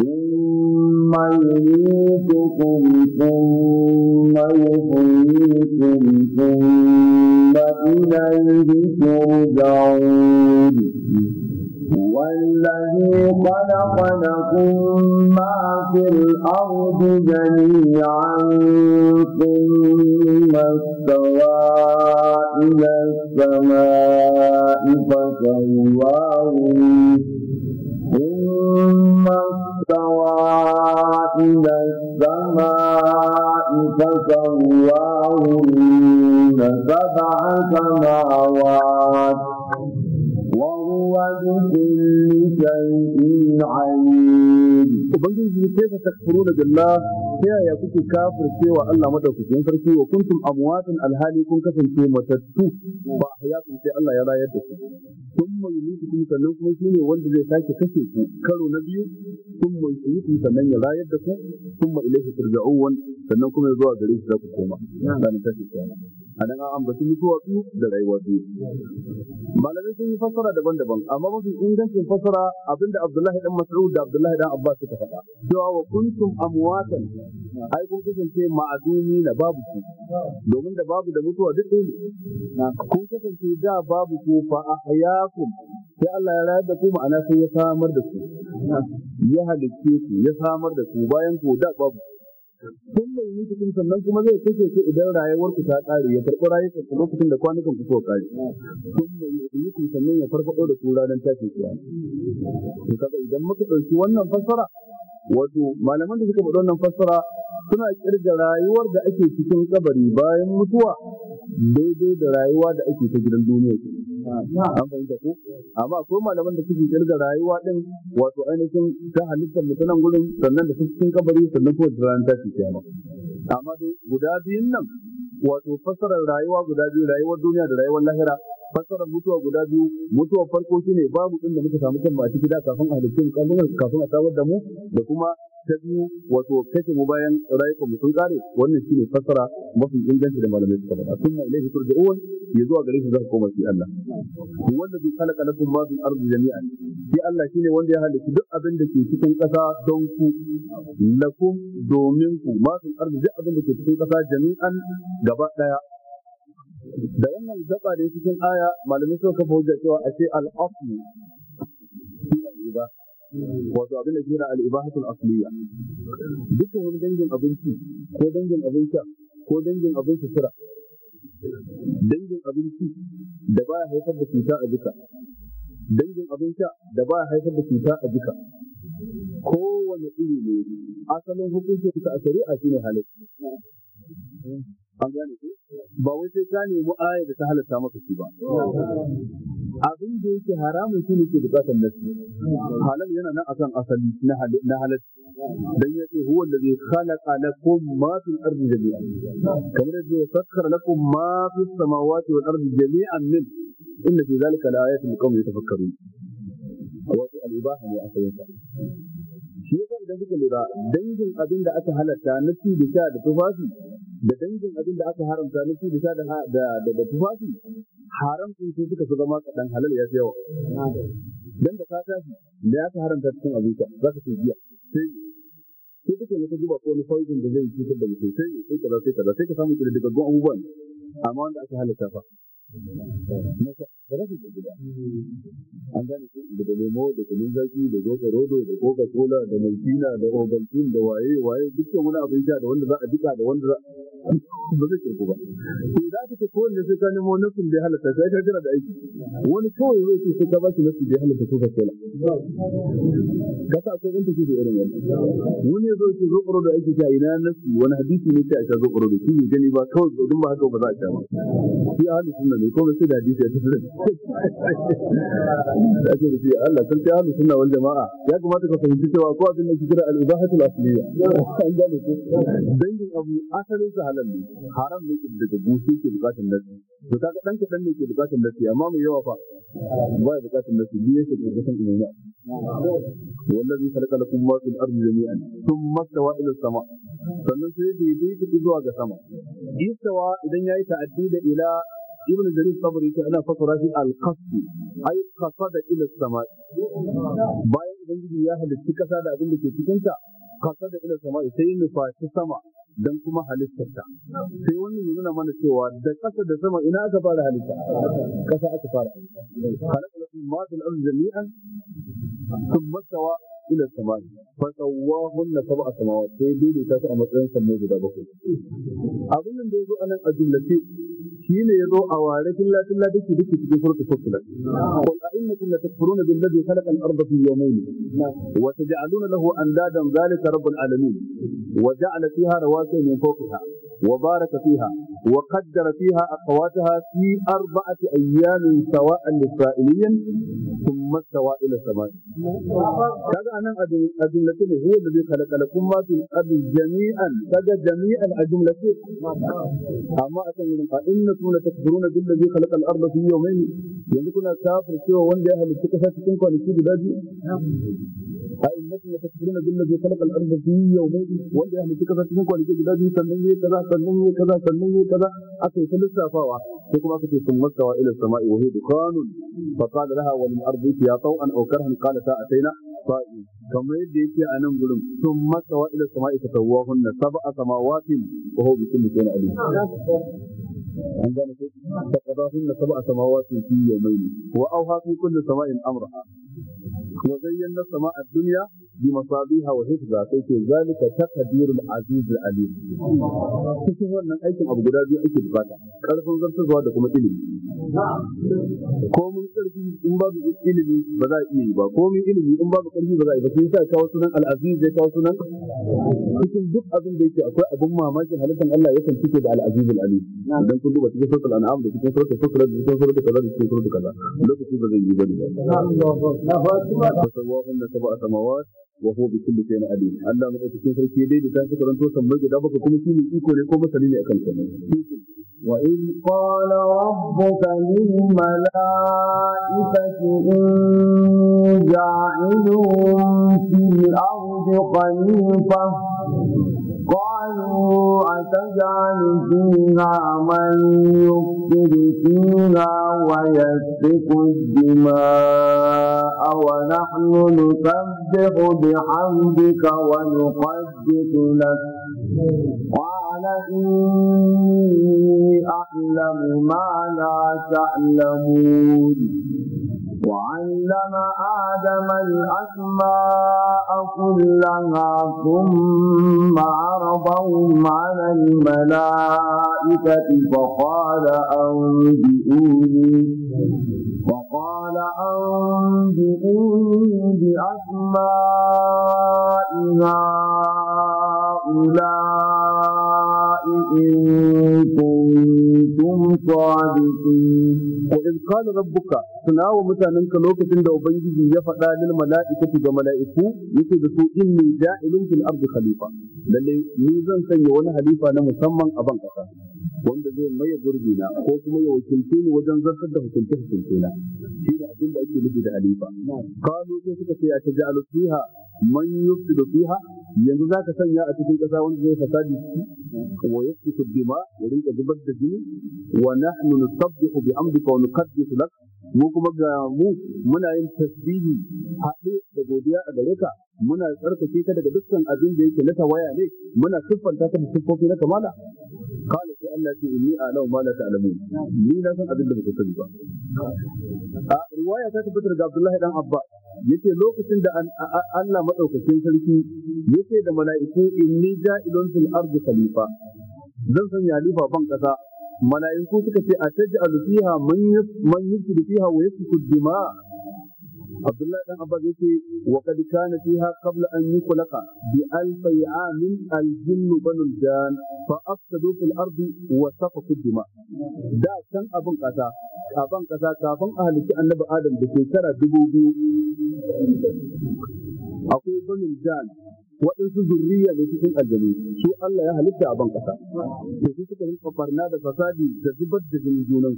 ثم يميتكم ثم يحييكم ثم إليه ترجعون والذي خلق لكم ما في الأرض جميعا ثم استوى إلى السماء فسواه ثم استوى إلى السماء فسواهن سبع سماوات وبكل شيء عليم ubangiji sai ka takfuru da billah ta yaya kuke kafir cewa Allah madaukakin sarki wa kuntum amwatan alhali kun kasance matattu ba hayatun sai Allah ya rayar da ku kun mai yuti kun sannan kuma shi ne wanda zai sake kashe ku karo na biyu kun mai yuti sannan ya sannan kuma za ku koma. Na a dan an ambaci su da su. malamai sun yi fassara daban-daban amma mafi ingancin fassara abinda Abdullahi dan Mas'ud da Abdullahi dan Abbas suka faɗa cewa wa kuntum amwatan ai kun kasance ma'adumi na babu ku domin da babu da mutuwa duk ne kun kasance da babu ku fa ahyakum sai Allah ya rayar da ku ma'ana sai ya samar da ku ya halicce ku ya samar da ku bayan ku da babu kun mai yi cikin sannan kuma zai kashe ku idan rayuwar ku ta ƙare ya karɓi rayuwar ku lokacin da kwanukan ku suka kare. kun mai yi cikin sannan ya farfaɗo da ku don tashin kiyama to kaga idan muka ɗauki wannan fassara wato malaman da suka faɗi wannan fassara suna kirga rayuwar da ake cikin kabari bayan mutuwa daidai da rayuwa da ake ta gidan duniya an amma akwai malaman da suke kirga rayuwa din wato ainihin ta halittar mutanen gurin sannan da cikin kabari sannan kuma da ranar tashi kiyama amma dai guda biyun nan wato fasarar rayuwa guda biyu rayuwar duniya da rayuwar lahira fasarar mutuwa guda biyu mutuwar farko shine babu din da muka samu kan a ciki da kafin a halittun kallon kafin a samar da mu da kuma ta biyu wato kashe mu bayan rayukan mu sun kare wannan shine fassara mafi inganci da malamai suka faɗa kuma ilaihi turja'un ya zuwa gare shi za ku koma shi Allah wanda bi khalaqa lakum ma fil ardi jami'an shi Allah shine wanda ya halitta duk abin da ke cikin ƙasa don ku lakum domin ku ma fil ardi duk abin da ke cikin ƙasa jami'an gaba ɗaya. da wannan gaba da cikin aya malamai suka kafa hujja cewa a ce al-aslu wato abin da kira al-ibahatul asliya dukkan wani dangin abinci ko dangin abinci ko dangin abinci sutura dangin abinci da baya haifar da cuta a jika dangin abinci da da baya haifar da cuta a jika kowane iri ne asalin hukuncin ka a shari'a shine halal an gane ba wai sai ka nemi aya da ta halatta maka shi ba da yake haramun shi ne ke bukatar nasi halal yana nan akan asali na halal dan yace huwa allazi khalaqa lakum ma fil ardi jami'an kamar da ya sakkara lakum ma fis samawati wal ardi jami'an min inna fi zalika la ayatin liqaumin yatafakkarun fi al-ibaha wa asalin shi ne da duk lura dangin abin da aka halatta na ci da sha da tufafi da dangin abin da aka haramta na ci da sha da da tufafi haram sun sai suka zama kaɗan halal ya fi yawa dan da ka tashi da ya fi haramta cikin abinka za ka ce biya sai sai ne mata duba ko wani faujin da zai cutar da mutum sai sai kaza sai kaza sai ka samu kiri daga gwan abubuwan amma wanda aka halatta fa da rashin da gida an gane shi daga lemo da kunun zaki da goga rodo da goga cola da maltina da obaltin da waye waye dukkan wani abin sha da wanda za a duka da wanda za ba zai kirku ba to da aka ce kowanne sai ka nemo nafin da ya halatta sai ka jira da aiki wani kawai zai ce sai ka ba shi nafin da ya halatta ko ka cola ka sa akwai ɗan tafi da irin wani wani ya zo ce zo ƙoro da aiki ta ina nafi wani hadisi ne ta a sha zo ƙoro da shi ne gani ba kawai don ba haka ba za a sha ba shi a halittu ne ko ba sai da hadisi a tafi da ake rufi Allah sun ta hannu suna wani jama'a ya kamata ka fahimci cewa ko abin da ke kira al-ibahatul asliya an gane ko dangin abu asalin sa halal ne haram ne daga gusu ke bukatun nasi to ga ɗanka ɗan ne ke bukatun nasi amma mai yawa fa ba ya bukatun nasi ne yake ke bukatun imani wallazi khalaqa lakum ma fil ardi jami'an thumma istawa ila sama sannan sai da yake zuwa ga sama istawa idan yayi ta'addi da ila ibn jarir sabr yace ana fasara shi al-qasd ay qasada ila samai bayan ubangiji ya halitta kasa da abin da ke cikin ta qasada ila samai sai nufaci sama dan kuma halittarta sai wannan ya nuna mana cewa da kasa da sama ina aka fara halitta kasa aka fara خلق لكم ما في الأرض جميعا ثم ila samai fa sawwahunna sab'a samawat sai daidaita su a matsayin sammai guda bakwai abin da yazo anan a jumlace shine yazo a ware billahi billahi dake dake cikin furta fakkula qul a innakum latakfuruna billadhi khalaqa al-ardha fi yawmayn wa taj'aluna lahu andadan dhalika rabbul alamin wa ja'ala fiha rawasiya min fawqiha وبارك فيها وقدر فيها أقواتها في أربعة أيام سواء للسائلين ثم استوى إلى السماء. هذا أنا أجملة هو الذي خلق لكم ما في الأرض جميعا هذا جميع الأجملة أما أتمنى أئنكم لتكفرون بالذي خلق الأرض في يومين yanzu kuna kafir cewa wanda ya halitta kasa cikin kwanaki guda أئنكم لتكفرون بالذي خلق الأرض في يومين وأنت أهل كذا تكون كذا تنمي كذا تنمي كذا kaza aka yi ta lissafawa sai kuma aka ce sun mastawa ila sama'i wa hiya dukanun fa qala laha wa lil ardi ya taw'an aw karhan qalat ta'ataina fa'i kamar yadda yake a nan gurin sun mastawa ila sama'i ta fa tawahunna sab'a samawatin wa huwa bi kulli shay'in alim an gane ko fa qadahunna sab'a samawatin fi yawmayn wa awha fi kulli sama'in amraha wa zayyana sama'a dunya bi masabiha wa hifza sai ce zalika taqdirul aziz al alim cikin wannan aikin abu guda biyu ake bukata karfin zartarwa da kuma ilimi ko mun karfi in babu ilimi ba za a iya yi ba ko mun ilimi in babu karfi ba za a yi ba sai sa sunan al aziz ya kawo sunan cikin duk abin da akwai abin mamakin halittar Allah yakan cike da al aziz al alim kun duba cikin suratul an'am da cikin suratul fusl da cikin suratul kaza da cikin suratul kaza lokaci ba zai yi ba ba ta wa wanda ta ba a samawa wa hu bi kulli na alim Allah mu dauki cikin sarki dai da kanka karanto sabbin da baka kuma shi ne iko ne ko masani ne akan ka wa in qala rabbuka lil malaa'ikati ja'ilun fil ardi qanifa قالوا أتجعل فينا من يفسد فينا ويسفك الدماء ونحن نسبح بحمدك ونقدس لك قال إني أعلم ما لا تعلمون علم آدم الأسماء كلها ثم عرضهم على الملائكة فقال أنبئوني فقال أنبئوني بأسماء هؤلاء إن كنتم صادقين وإذ قال ربك تناو متاننك لوكة وبنجي يفقى للملائكة وملائكة يكيد سوء إني جائل في الأرض خليفة للي ميزان سيئون خليفة نمسمى أبنك wanda zai maye gurbi na ko kuma ya wakilce ni wajen zartar da hukunce hukunce na shi ne abin da ake nufi da alifa Kano sai suka ce a tajalu fiha man yufsidu fiha yanzu ka sanya a cikin kasa wanda zai fasadi wa yasfiku dima ya rinka zubar da jini wa nahnu ku bi amdika wa nuqaddisu lak mu kuma ga mu muna yin tasbihi haɗe da godiya a gare ka muna tsarkake ka daga dukkan abin da yake na tawaya ne muna siffanta ka da siffofi na kamala kala sai Allah ce inni a'lamu ma la ta'lamun ni na san abin da ba ku sani ba a riwaya ta tabbatar ga Abdullahi dan Abba yace lokacin da Allah madaukakin sarki yace da mala'iku inni ja'ilun fil ardi khalifa zan sanya halifa ban kasa mala'iku suka ce a taj'alu fiha man yusrifu fiha wa yasfiku dima' abdullahi dan abbas ce wa qad kana fiha kabla an yi yukhlaqa bi alf am al jinn banu dan fa afsadu fil ardi wa safaku dima da can abun kasa abun kafin a halitta annabi adam da shekara dubu biyu akwai banu dan waɗansu zurriya ne cikin aljanu su Allah ya halitta a ban kasa. to su suka rinka da fasadi da zubar da jinin junan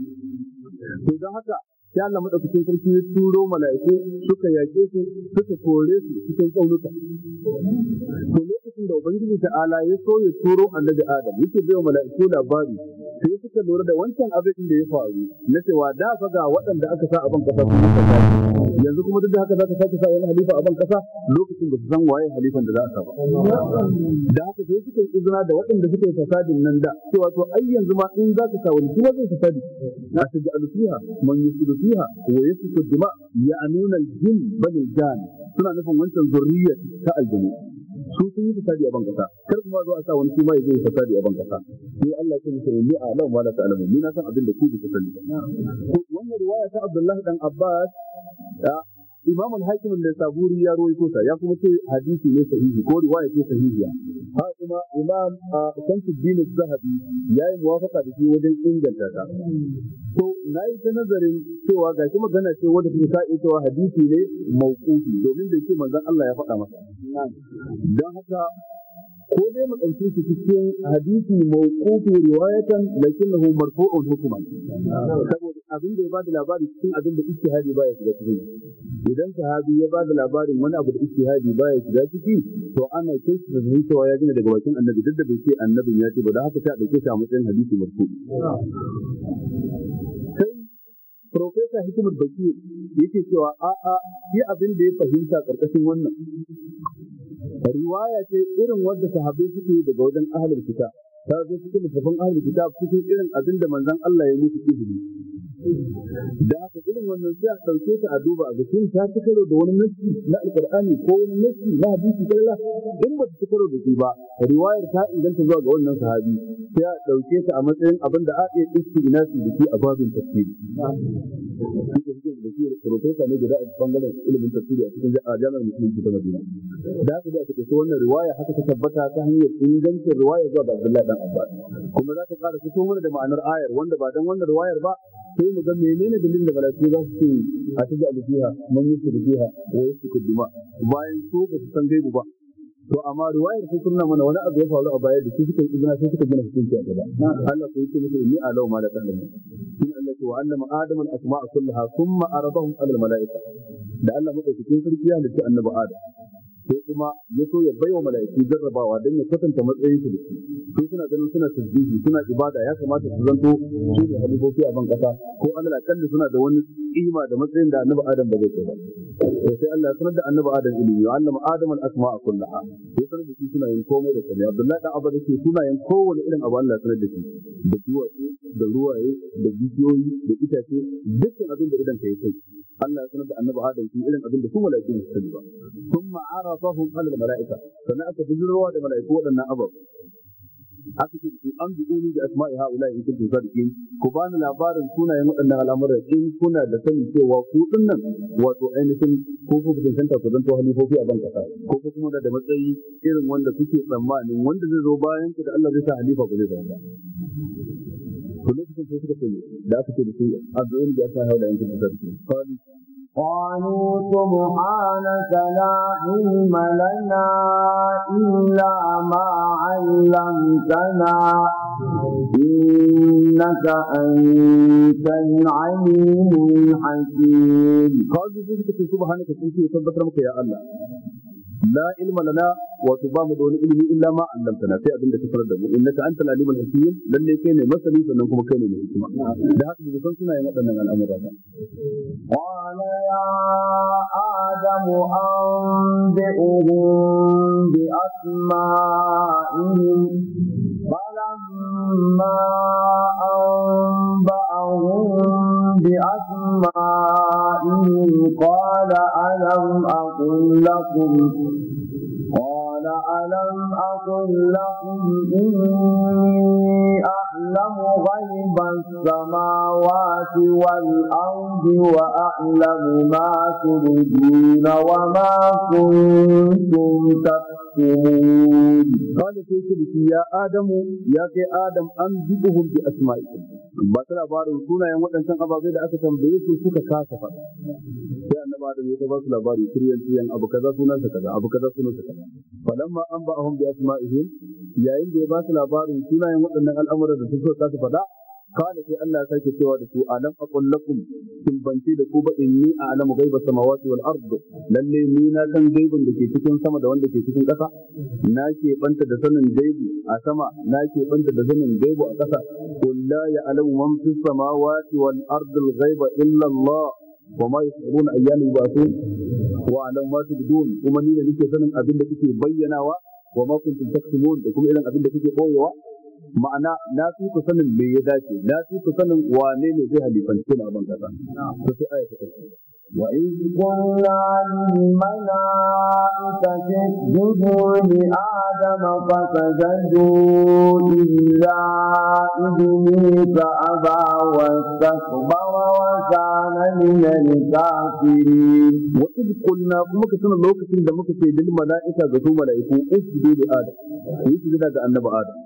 to don haka sai Allah madaukakin sarki ya turo mala'iku suka yaƙe su suka kore su cikin tsaunuka to lokacin da ubangiji ta ala ya so ya turo annabi adam yake bai wa mala'iku labari sai suka lura da wancan abin da ya faru na cewa da fa ga waɗanda aka sa abin kasa su yi yanzu kuma duk da haka za ka sake sa wani halifa abin kasa lokacin da su san waye halifan da za ka ba da haka sai suka yi izina da waɗanda suka yi fasadin nan da cewa to ai yanzu ma in za ka sa wani kuma zai fasadi na ta ja'alu fiha man yusidu fiha wa yasfiku dima ya'nuna al-jinn bal suna nufin wancan zurriyyar ta aljanu su sun yi fasadi a ban kasa kar kuma zo a sa wani kuma ya zo fasadi a ban kasa sai Allah ya ce ni a alam wala ta'lamu ni na san abin da ku ku sani wannan riwaya ta Abdullah dan Abbas imam al-hakim da saburi ya rawaito sa ya kuma ce hadisi ne sahihi ko riwaya ce sahihiya ha kuma imam shamsuddin az-zahabi ya yi muwafaqa da shi wajen inganta ta to na yi ta nazarin cewa ga shi magana ce wanda ke ta cewa hadisi ne mauqufi domin da yake manzon Allah ya faɗa masa dan haka ko dai mu ɗauke shi cikin hadisi mawqufi riwayatan lakinnahu marfu'un hukuma saboda abin da ya bada labari cikin abin da ijtihadi ba baya shiga cikin idan sahabi ya bada labarin wani abu da ijtihadi ba baya shiga ciki to ana kai shi da zuciya ya gina daga bakin annabi duk da bai ce annabin ya ce ba da haka ta ɗauke shi a matsayin hadisi marfu'i sai Profesa Hikimar Baki yake cewa a'a shi abin da ya fahimta ƙarƙashin wannan riwaya ce irin wadda sahabbai suke daga wajen ahalin kita ta zo cikin littafin ahlul kitab suke irin abin da manzon Allah ya musu izini da haka irin wannan sai a ɗauke ta a duba a gasin ta ci karo da wani nassi na alqur'ani ko wani nassi na hadisi kalla in ba ta ci karo da shi ba riwayar ta inganta zuwa ga wannan sahabi sai a ɗauke ta a matsayin abin da a iya su da shi a babin tafsiri tafiyar profesa ne guda a bangaren ilimin tafsiri a cikin jami'ar musulunci ta Madina da haka da take wannan riwaya haka ta tabbata ta hanyar ingancin riwaya zuwa ga Abdullahi dan Abbas kuma za ta ƙara fito mana da ma'anar ayar wanda ba dan wannan riwayar ba sai mu ga menene dalilin da malaiku za su ce a cikin alfiha man yusu biha wa yusu kuduma bayan su ba su san gaibu ba to amma riwayar sun sunna mana wani abu ya faru a baya da su suka yi izina sai suka gina hukunci a gaba Allah ko yake musu ni alau ma da kana ce wa annama adamu al-asma'a kullaha thumma aradahum ala al-mala'ika da Allah madaukakin sarki ya halitta annabi adam sai kuma ya so ya baiwa mala'iku jarrabawa don ya kwatanta matsayin su da sai suna ganin suna tasbihi suna ibada ya kamata su zanto su ne halifofi a ban kasa ko Allah kalli suna da wani kima da matsayin da annabi adam ba zai kai ba sai Allah ya sanar da annabi Adam ilimi wa allama Adam al-asma'a kullaha ya sanar da shi sunayen komai da komai Abdullahi dan Abba yake sunayen kowane irin abu Allah ya sanar da shi da duwatsu da ruwaye da bidiyoyi da itace dukkan abin da idan kai kai Allah ya sanar da annabi Adam shi irin abin da su mala'iku su sani ba thumma arafahum ala al-mala'ika sannan aka bijirwa da mala'iku waɗannan abab. aka ce su an bi uni da asma'i haula in kuntum sadiqin ku ba ni labarin sunayen waɗannan al'amura in kuna da sanin cewa ku dinnan wato ainihin ko ku kun santa ku zanto halifofi a banka ko ku kuma da matsayi irin wanda kuke tsammanin wanda zai zo bayan ku da Allah zai sa halifa ku zai zama to lokacin sai suka ce da aka ce da su addu'o'in da asma'i haula in kuntum sadiqin قالوا سبحانك لا علم لنا إلا ما علمتنا إنك أنت العليم الحكيم قالوا سبحانك سنتي يتبتر يا الله la ilma lana wa ba da wani ilimi illa ma allamtana sai abin da ka sanar da mu innaka antal alimul hakim lalle kai ne masani sannan kuma kai ne mai hikima da haka mu san suna yin waɗannan al'amura ba qala ya adamu anbi'uhum bi asma'ihim fa فلما أنبأهم بأسمائهم قال ألم أقل لكم قال قال ألم أقل لكم إني أعلم غيب السماوات والأرض وأعلم ما تبدون وما كنتم تكتمون قال سيدي يا آدم يا كي آدم أنزبهم بأسمائكم ba ta labarin yin waɗancan ababai da aka tambaye su suka kasa faɗa sai annabi Adam ya ba su labari kiryan kiryan abu kaza sunan kaza abu falamma an ba ahum bi asma'ihim yayin da ya ba su labarin sunayen waɗannan al'amuran da suka kasu faɗa kana sai Allah ya sake cewa da su alam aqul lakum kin banci da ku ba inni a'lamu ghaiba samawati wal ard lalle ni na san gaibin da ke cikin sama da wanda ke cikin ƙasa na ke banta da sanin gaibi a sama na ke banta da sanin gaibi a ƙasa qul la ya'lamu man fis samawati wal ard al ghaiba illa Allah wa ma yashuruna ayyana wa alam ma tubdun kuma ni da nake sanin abin da kuke bayyanawa wa ma kuntum taktumun da kuma irin abin da kuke koyewa ma'ana na fi ku sanin me ya dace na fi ku sanin wane ne zai halifanci na ban kasa to sai aya ta kai wa in kunna ce, judu li adama fa sajadu illa iblisa aba wa takbara wa kana min ta kafirin wa in kunna kuma ka sanin lokacin da muka ce lil malaika ga su malaiku usjudu li adam ku yi zina ga annabi adam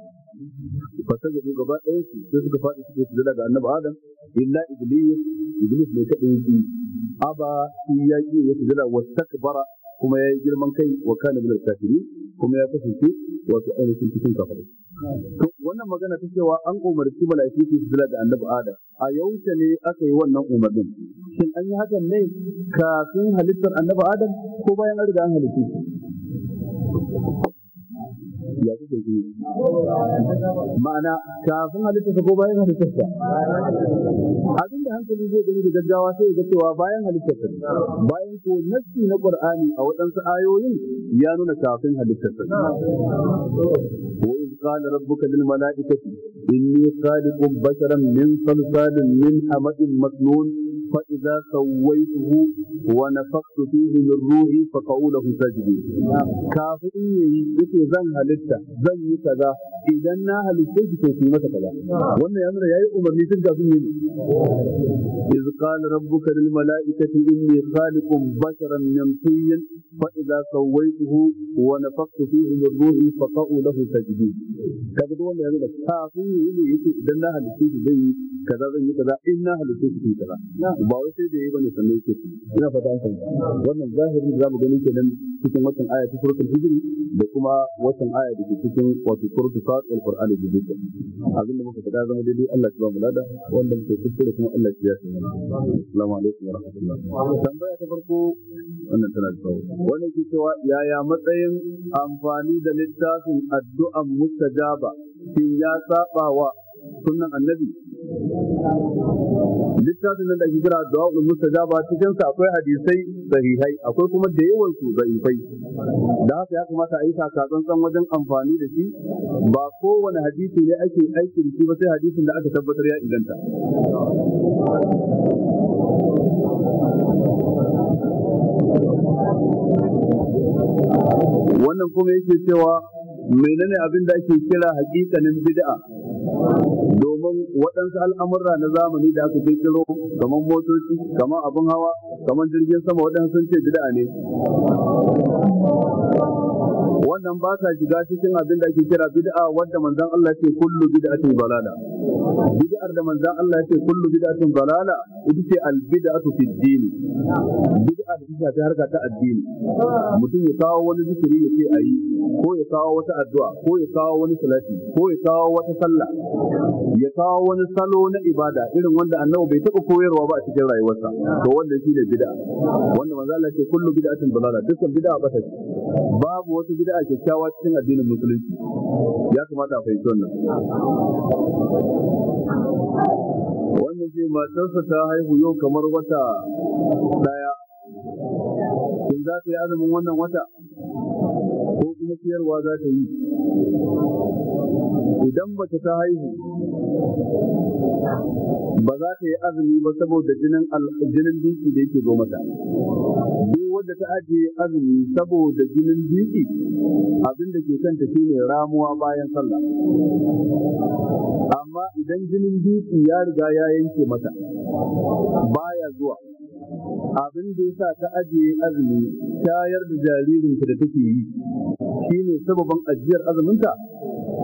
fasar da gaba ɗaya su sai suka faɗi suke su daga annabi adam illa iblis iblis ne kaɗai yake aba shi ya yi ya sujada wa takbara kuma ya yi girman kai wa kana bil kafirin kuma ya kasance wato ainihin cikin kafare to wannan magana ta cewa an umarci mala'iku su sujada ga annabi adam a yaushe ne aka yi wannan umarnin shin an yi hakan ne kafin halittar annabi adam ko bayan an riga an halitta ya kuke yi ma'ana kafin halittarsa ko bayan halittarsa abin da hankali zai gani da gaggawa sai ga cewa bayan halittarsa bayan ko nassi na qur'ani a waɗansu ayoyin ya nuna kafin halittarsa wa iz qala rabbuka lil mala'ikati inni khaliqun basharan min salsalin min hamadin masnun فإذا سويته ونفخت فيه من روحي فقعوا له ساجدين نعم. كافرين يكي زنها لسه زن كذا idan na halitta shi to yi mata kaza wannan ya nuna yayi umarni tun kafin yi iz qala rabbuka lil malaikati inni khaliqun basharan min tin fa idza sawaytuhu wa nafaqtu fihi min ruhi fa qa'u lahu sajidin kaga duk wannan ya nuna kafin yi ne yake idan na halitta shi zai yi kaza zan yi kaza in na halitta shi kaza ba wai sai da yayi bane sannan yake ina fata an fahimta wannan zahirin za mu gani kenan cikin watan aya ta suratul hijr da kuma watan aya da cikin wato suratul wa alqur'ani bi abinda muka faɗa zama daidai Allah ya ba mu lada wanda muke kuskure kuma Allah ya yi mana alaikum wa tambaya ta farko wannan tana da ke cewa yaya matsayin amfani da littafin addu'an mustajaba shin ya saba wa sunnan annabi littafin da ake da wa'ul mustajaba cikin sa akwai hadisai sahihai akwai kuma da yawan su da'ifai da haka ya kamata a yi takatsantsan wajen amfani da shi ba kowane hadisi ne ake aiki da shi ba sai hadisin da aka tabbatar ya inganta wannan kuma yake cewa menene abin da ake kira hakikanin bid'a domin waɗansu al'amurra na zamani da aka kirkiro kamar motoci kamar abin hawa kamar jirgin sama waɗansu sun ce bid'a ne wannan ba sa shiga cikin abin da ake kira bid'a wadda manzon Allah ya ce kullu bid'atin balala. bid'ar da manzon Allah ya ce kullu bid'atin balala ita ce al bid'atu fi din bid'a da ita ta harka ta addini mutum ya kawo wani zikiri ya ce ayi ko ya kawo wata addu'a ko ya kawo wani salati ko ya kawo wata sallah ya kawo wani salo na ibada irin wanda annabi bai taba koyarwa ba a cikin rayuwarsa to wannan shine bid'a wanda manzon Allah ya ce kullu bid'atin balala dukkan bid'a ba ta babu wata bid'a kyakkyawa cikin addinin musulunci ya kamata a fahimci wannan wannan ce matarsa ta haihu yau kamar wata daya in za ta yi azumin wannan wata ko kuma siyarwa za ta yi idan mace ta haihu ba za ta yi azumi ba saboda jinin jinin da yake zo mata wadda ta ajiye azumi saboda jinin biki abin da ke kanta shine ramuwa bayan sallah amma idan jinin biki ya riga ya yanke mata baya zuwa abin da yasa ta ajiye azumi tayar da jaririnta da take yi shine sababin ajiyar azuminta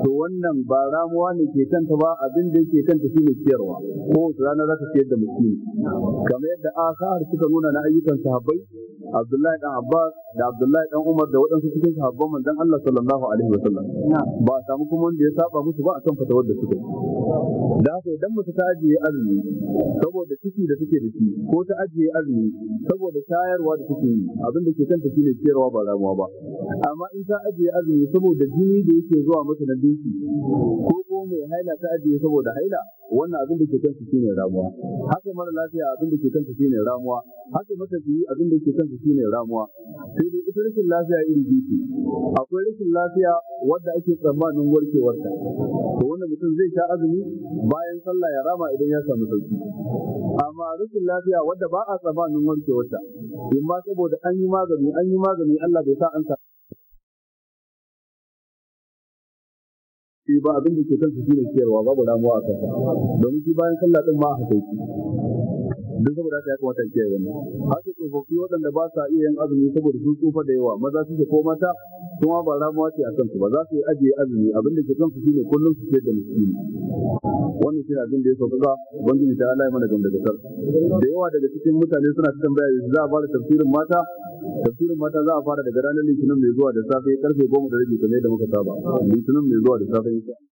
to wannan ba ramuwa ne ke kanta ba abin da yake kanta shi ne ciyarwa ko wasu ranar za ta ciyar da mutum kamar yadda har suka nuna na ayyukan sahabbai Abdullahi dan Abbas da Abdullahi dan Umar da waɗansu cikin sahabban manzon Allah sallallahu alaihi wa sallam ba a samu kuma wanda ya saba musu ba akan fatawar da suka da haka idan mutum ta ajiye azumi saboda ciki da take da shi ko ta ajiye azumi saboda tayarwa da take yi abin da ke kanta shine ciyarwa ba ramuwa ba amma in ta ajiye azumi saboda jini da yake zuwa mata na dinki ko ko mai haila ta ajiye saboda haila wannan abin da ke kansu shine ramuwa haka mara lafiya abin da ke kansu shine ramuwa haka matafiyi abin da ke kansu shine ramuwa sai dai ita rashin lafiya iri biyu akwai rashin lafiya wadda ake tsammanin warkewarta to wannan mutum zai sha azumi bayan sallah ya rama idan ya samu sauki amma rashin lafiya wadda ba a tsammanin warkewarta in ma saboda an yi magani an yi magani Allah bai sa an ba abin da ke shi shine ciyarwa babu ramuwa a kansa domin shi bayan sallah din ma haka yake duk saboda haka ya kamata kiyaye wannan haka tsofaffi waɗanda ba sa iya yin azumi saboda sun tsufa da yawa maza su ke ko mata kuma ba ramuwa ce a kansu ba za su yi ajiye azumi abin da ke kansu shine kullum su ce da musulmi wannan shi abin da ya sauka ubangiji ta Allah ya mana gamda gasar da yawa daga cikin mutane suna ta tambaya za a fara tafsirin mata tafsirin mata za a fara daga ranar litinin mai zuwa da safe karfe goma da rabi kamar yadda muka saba litinin mai zuwa da safe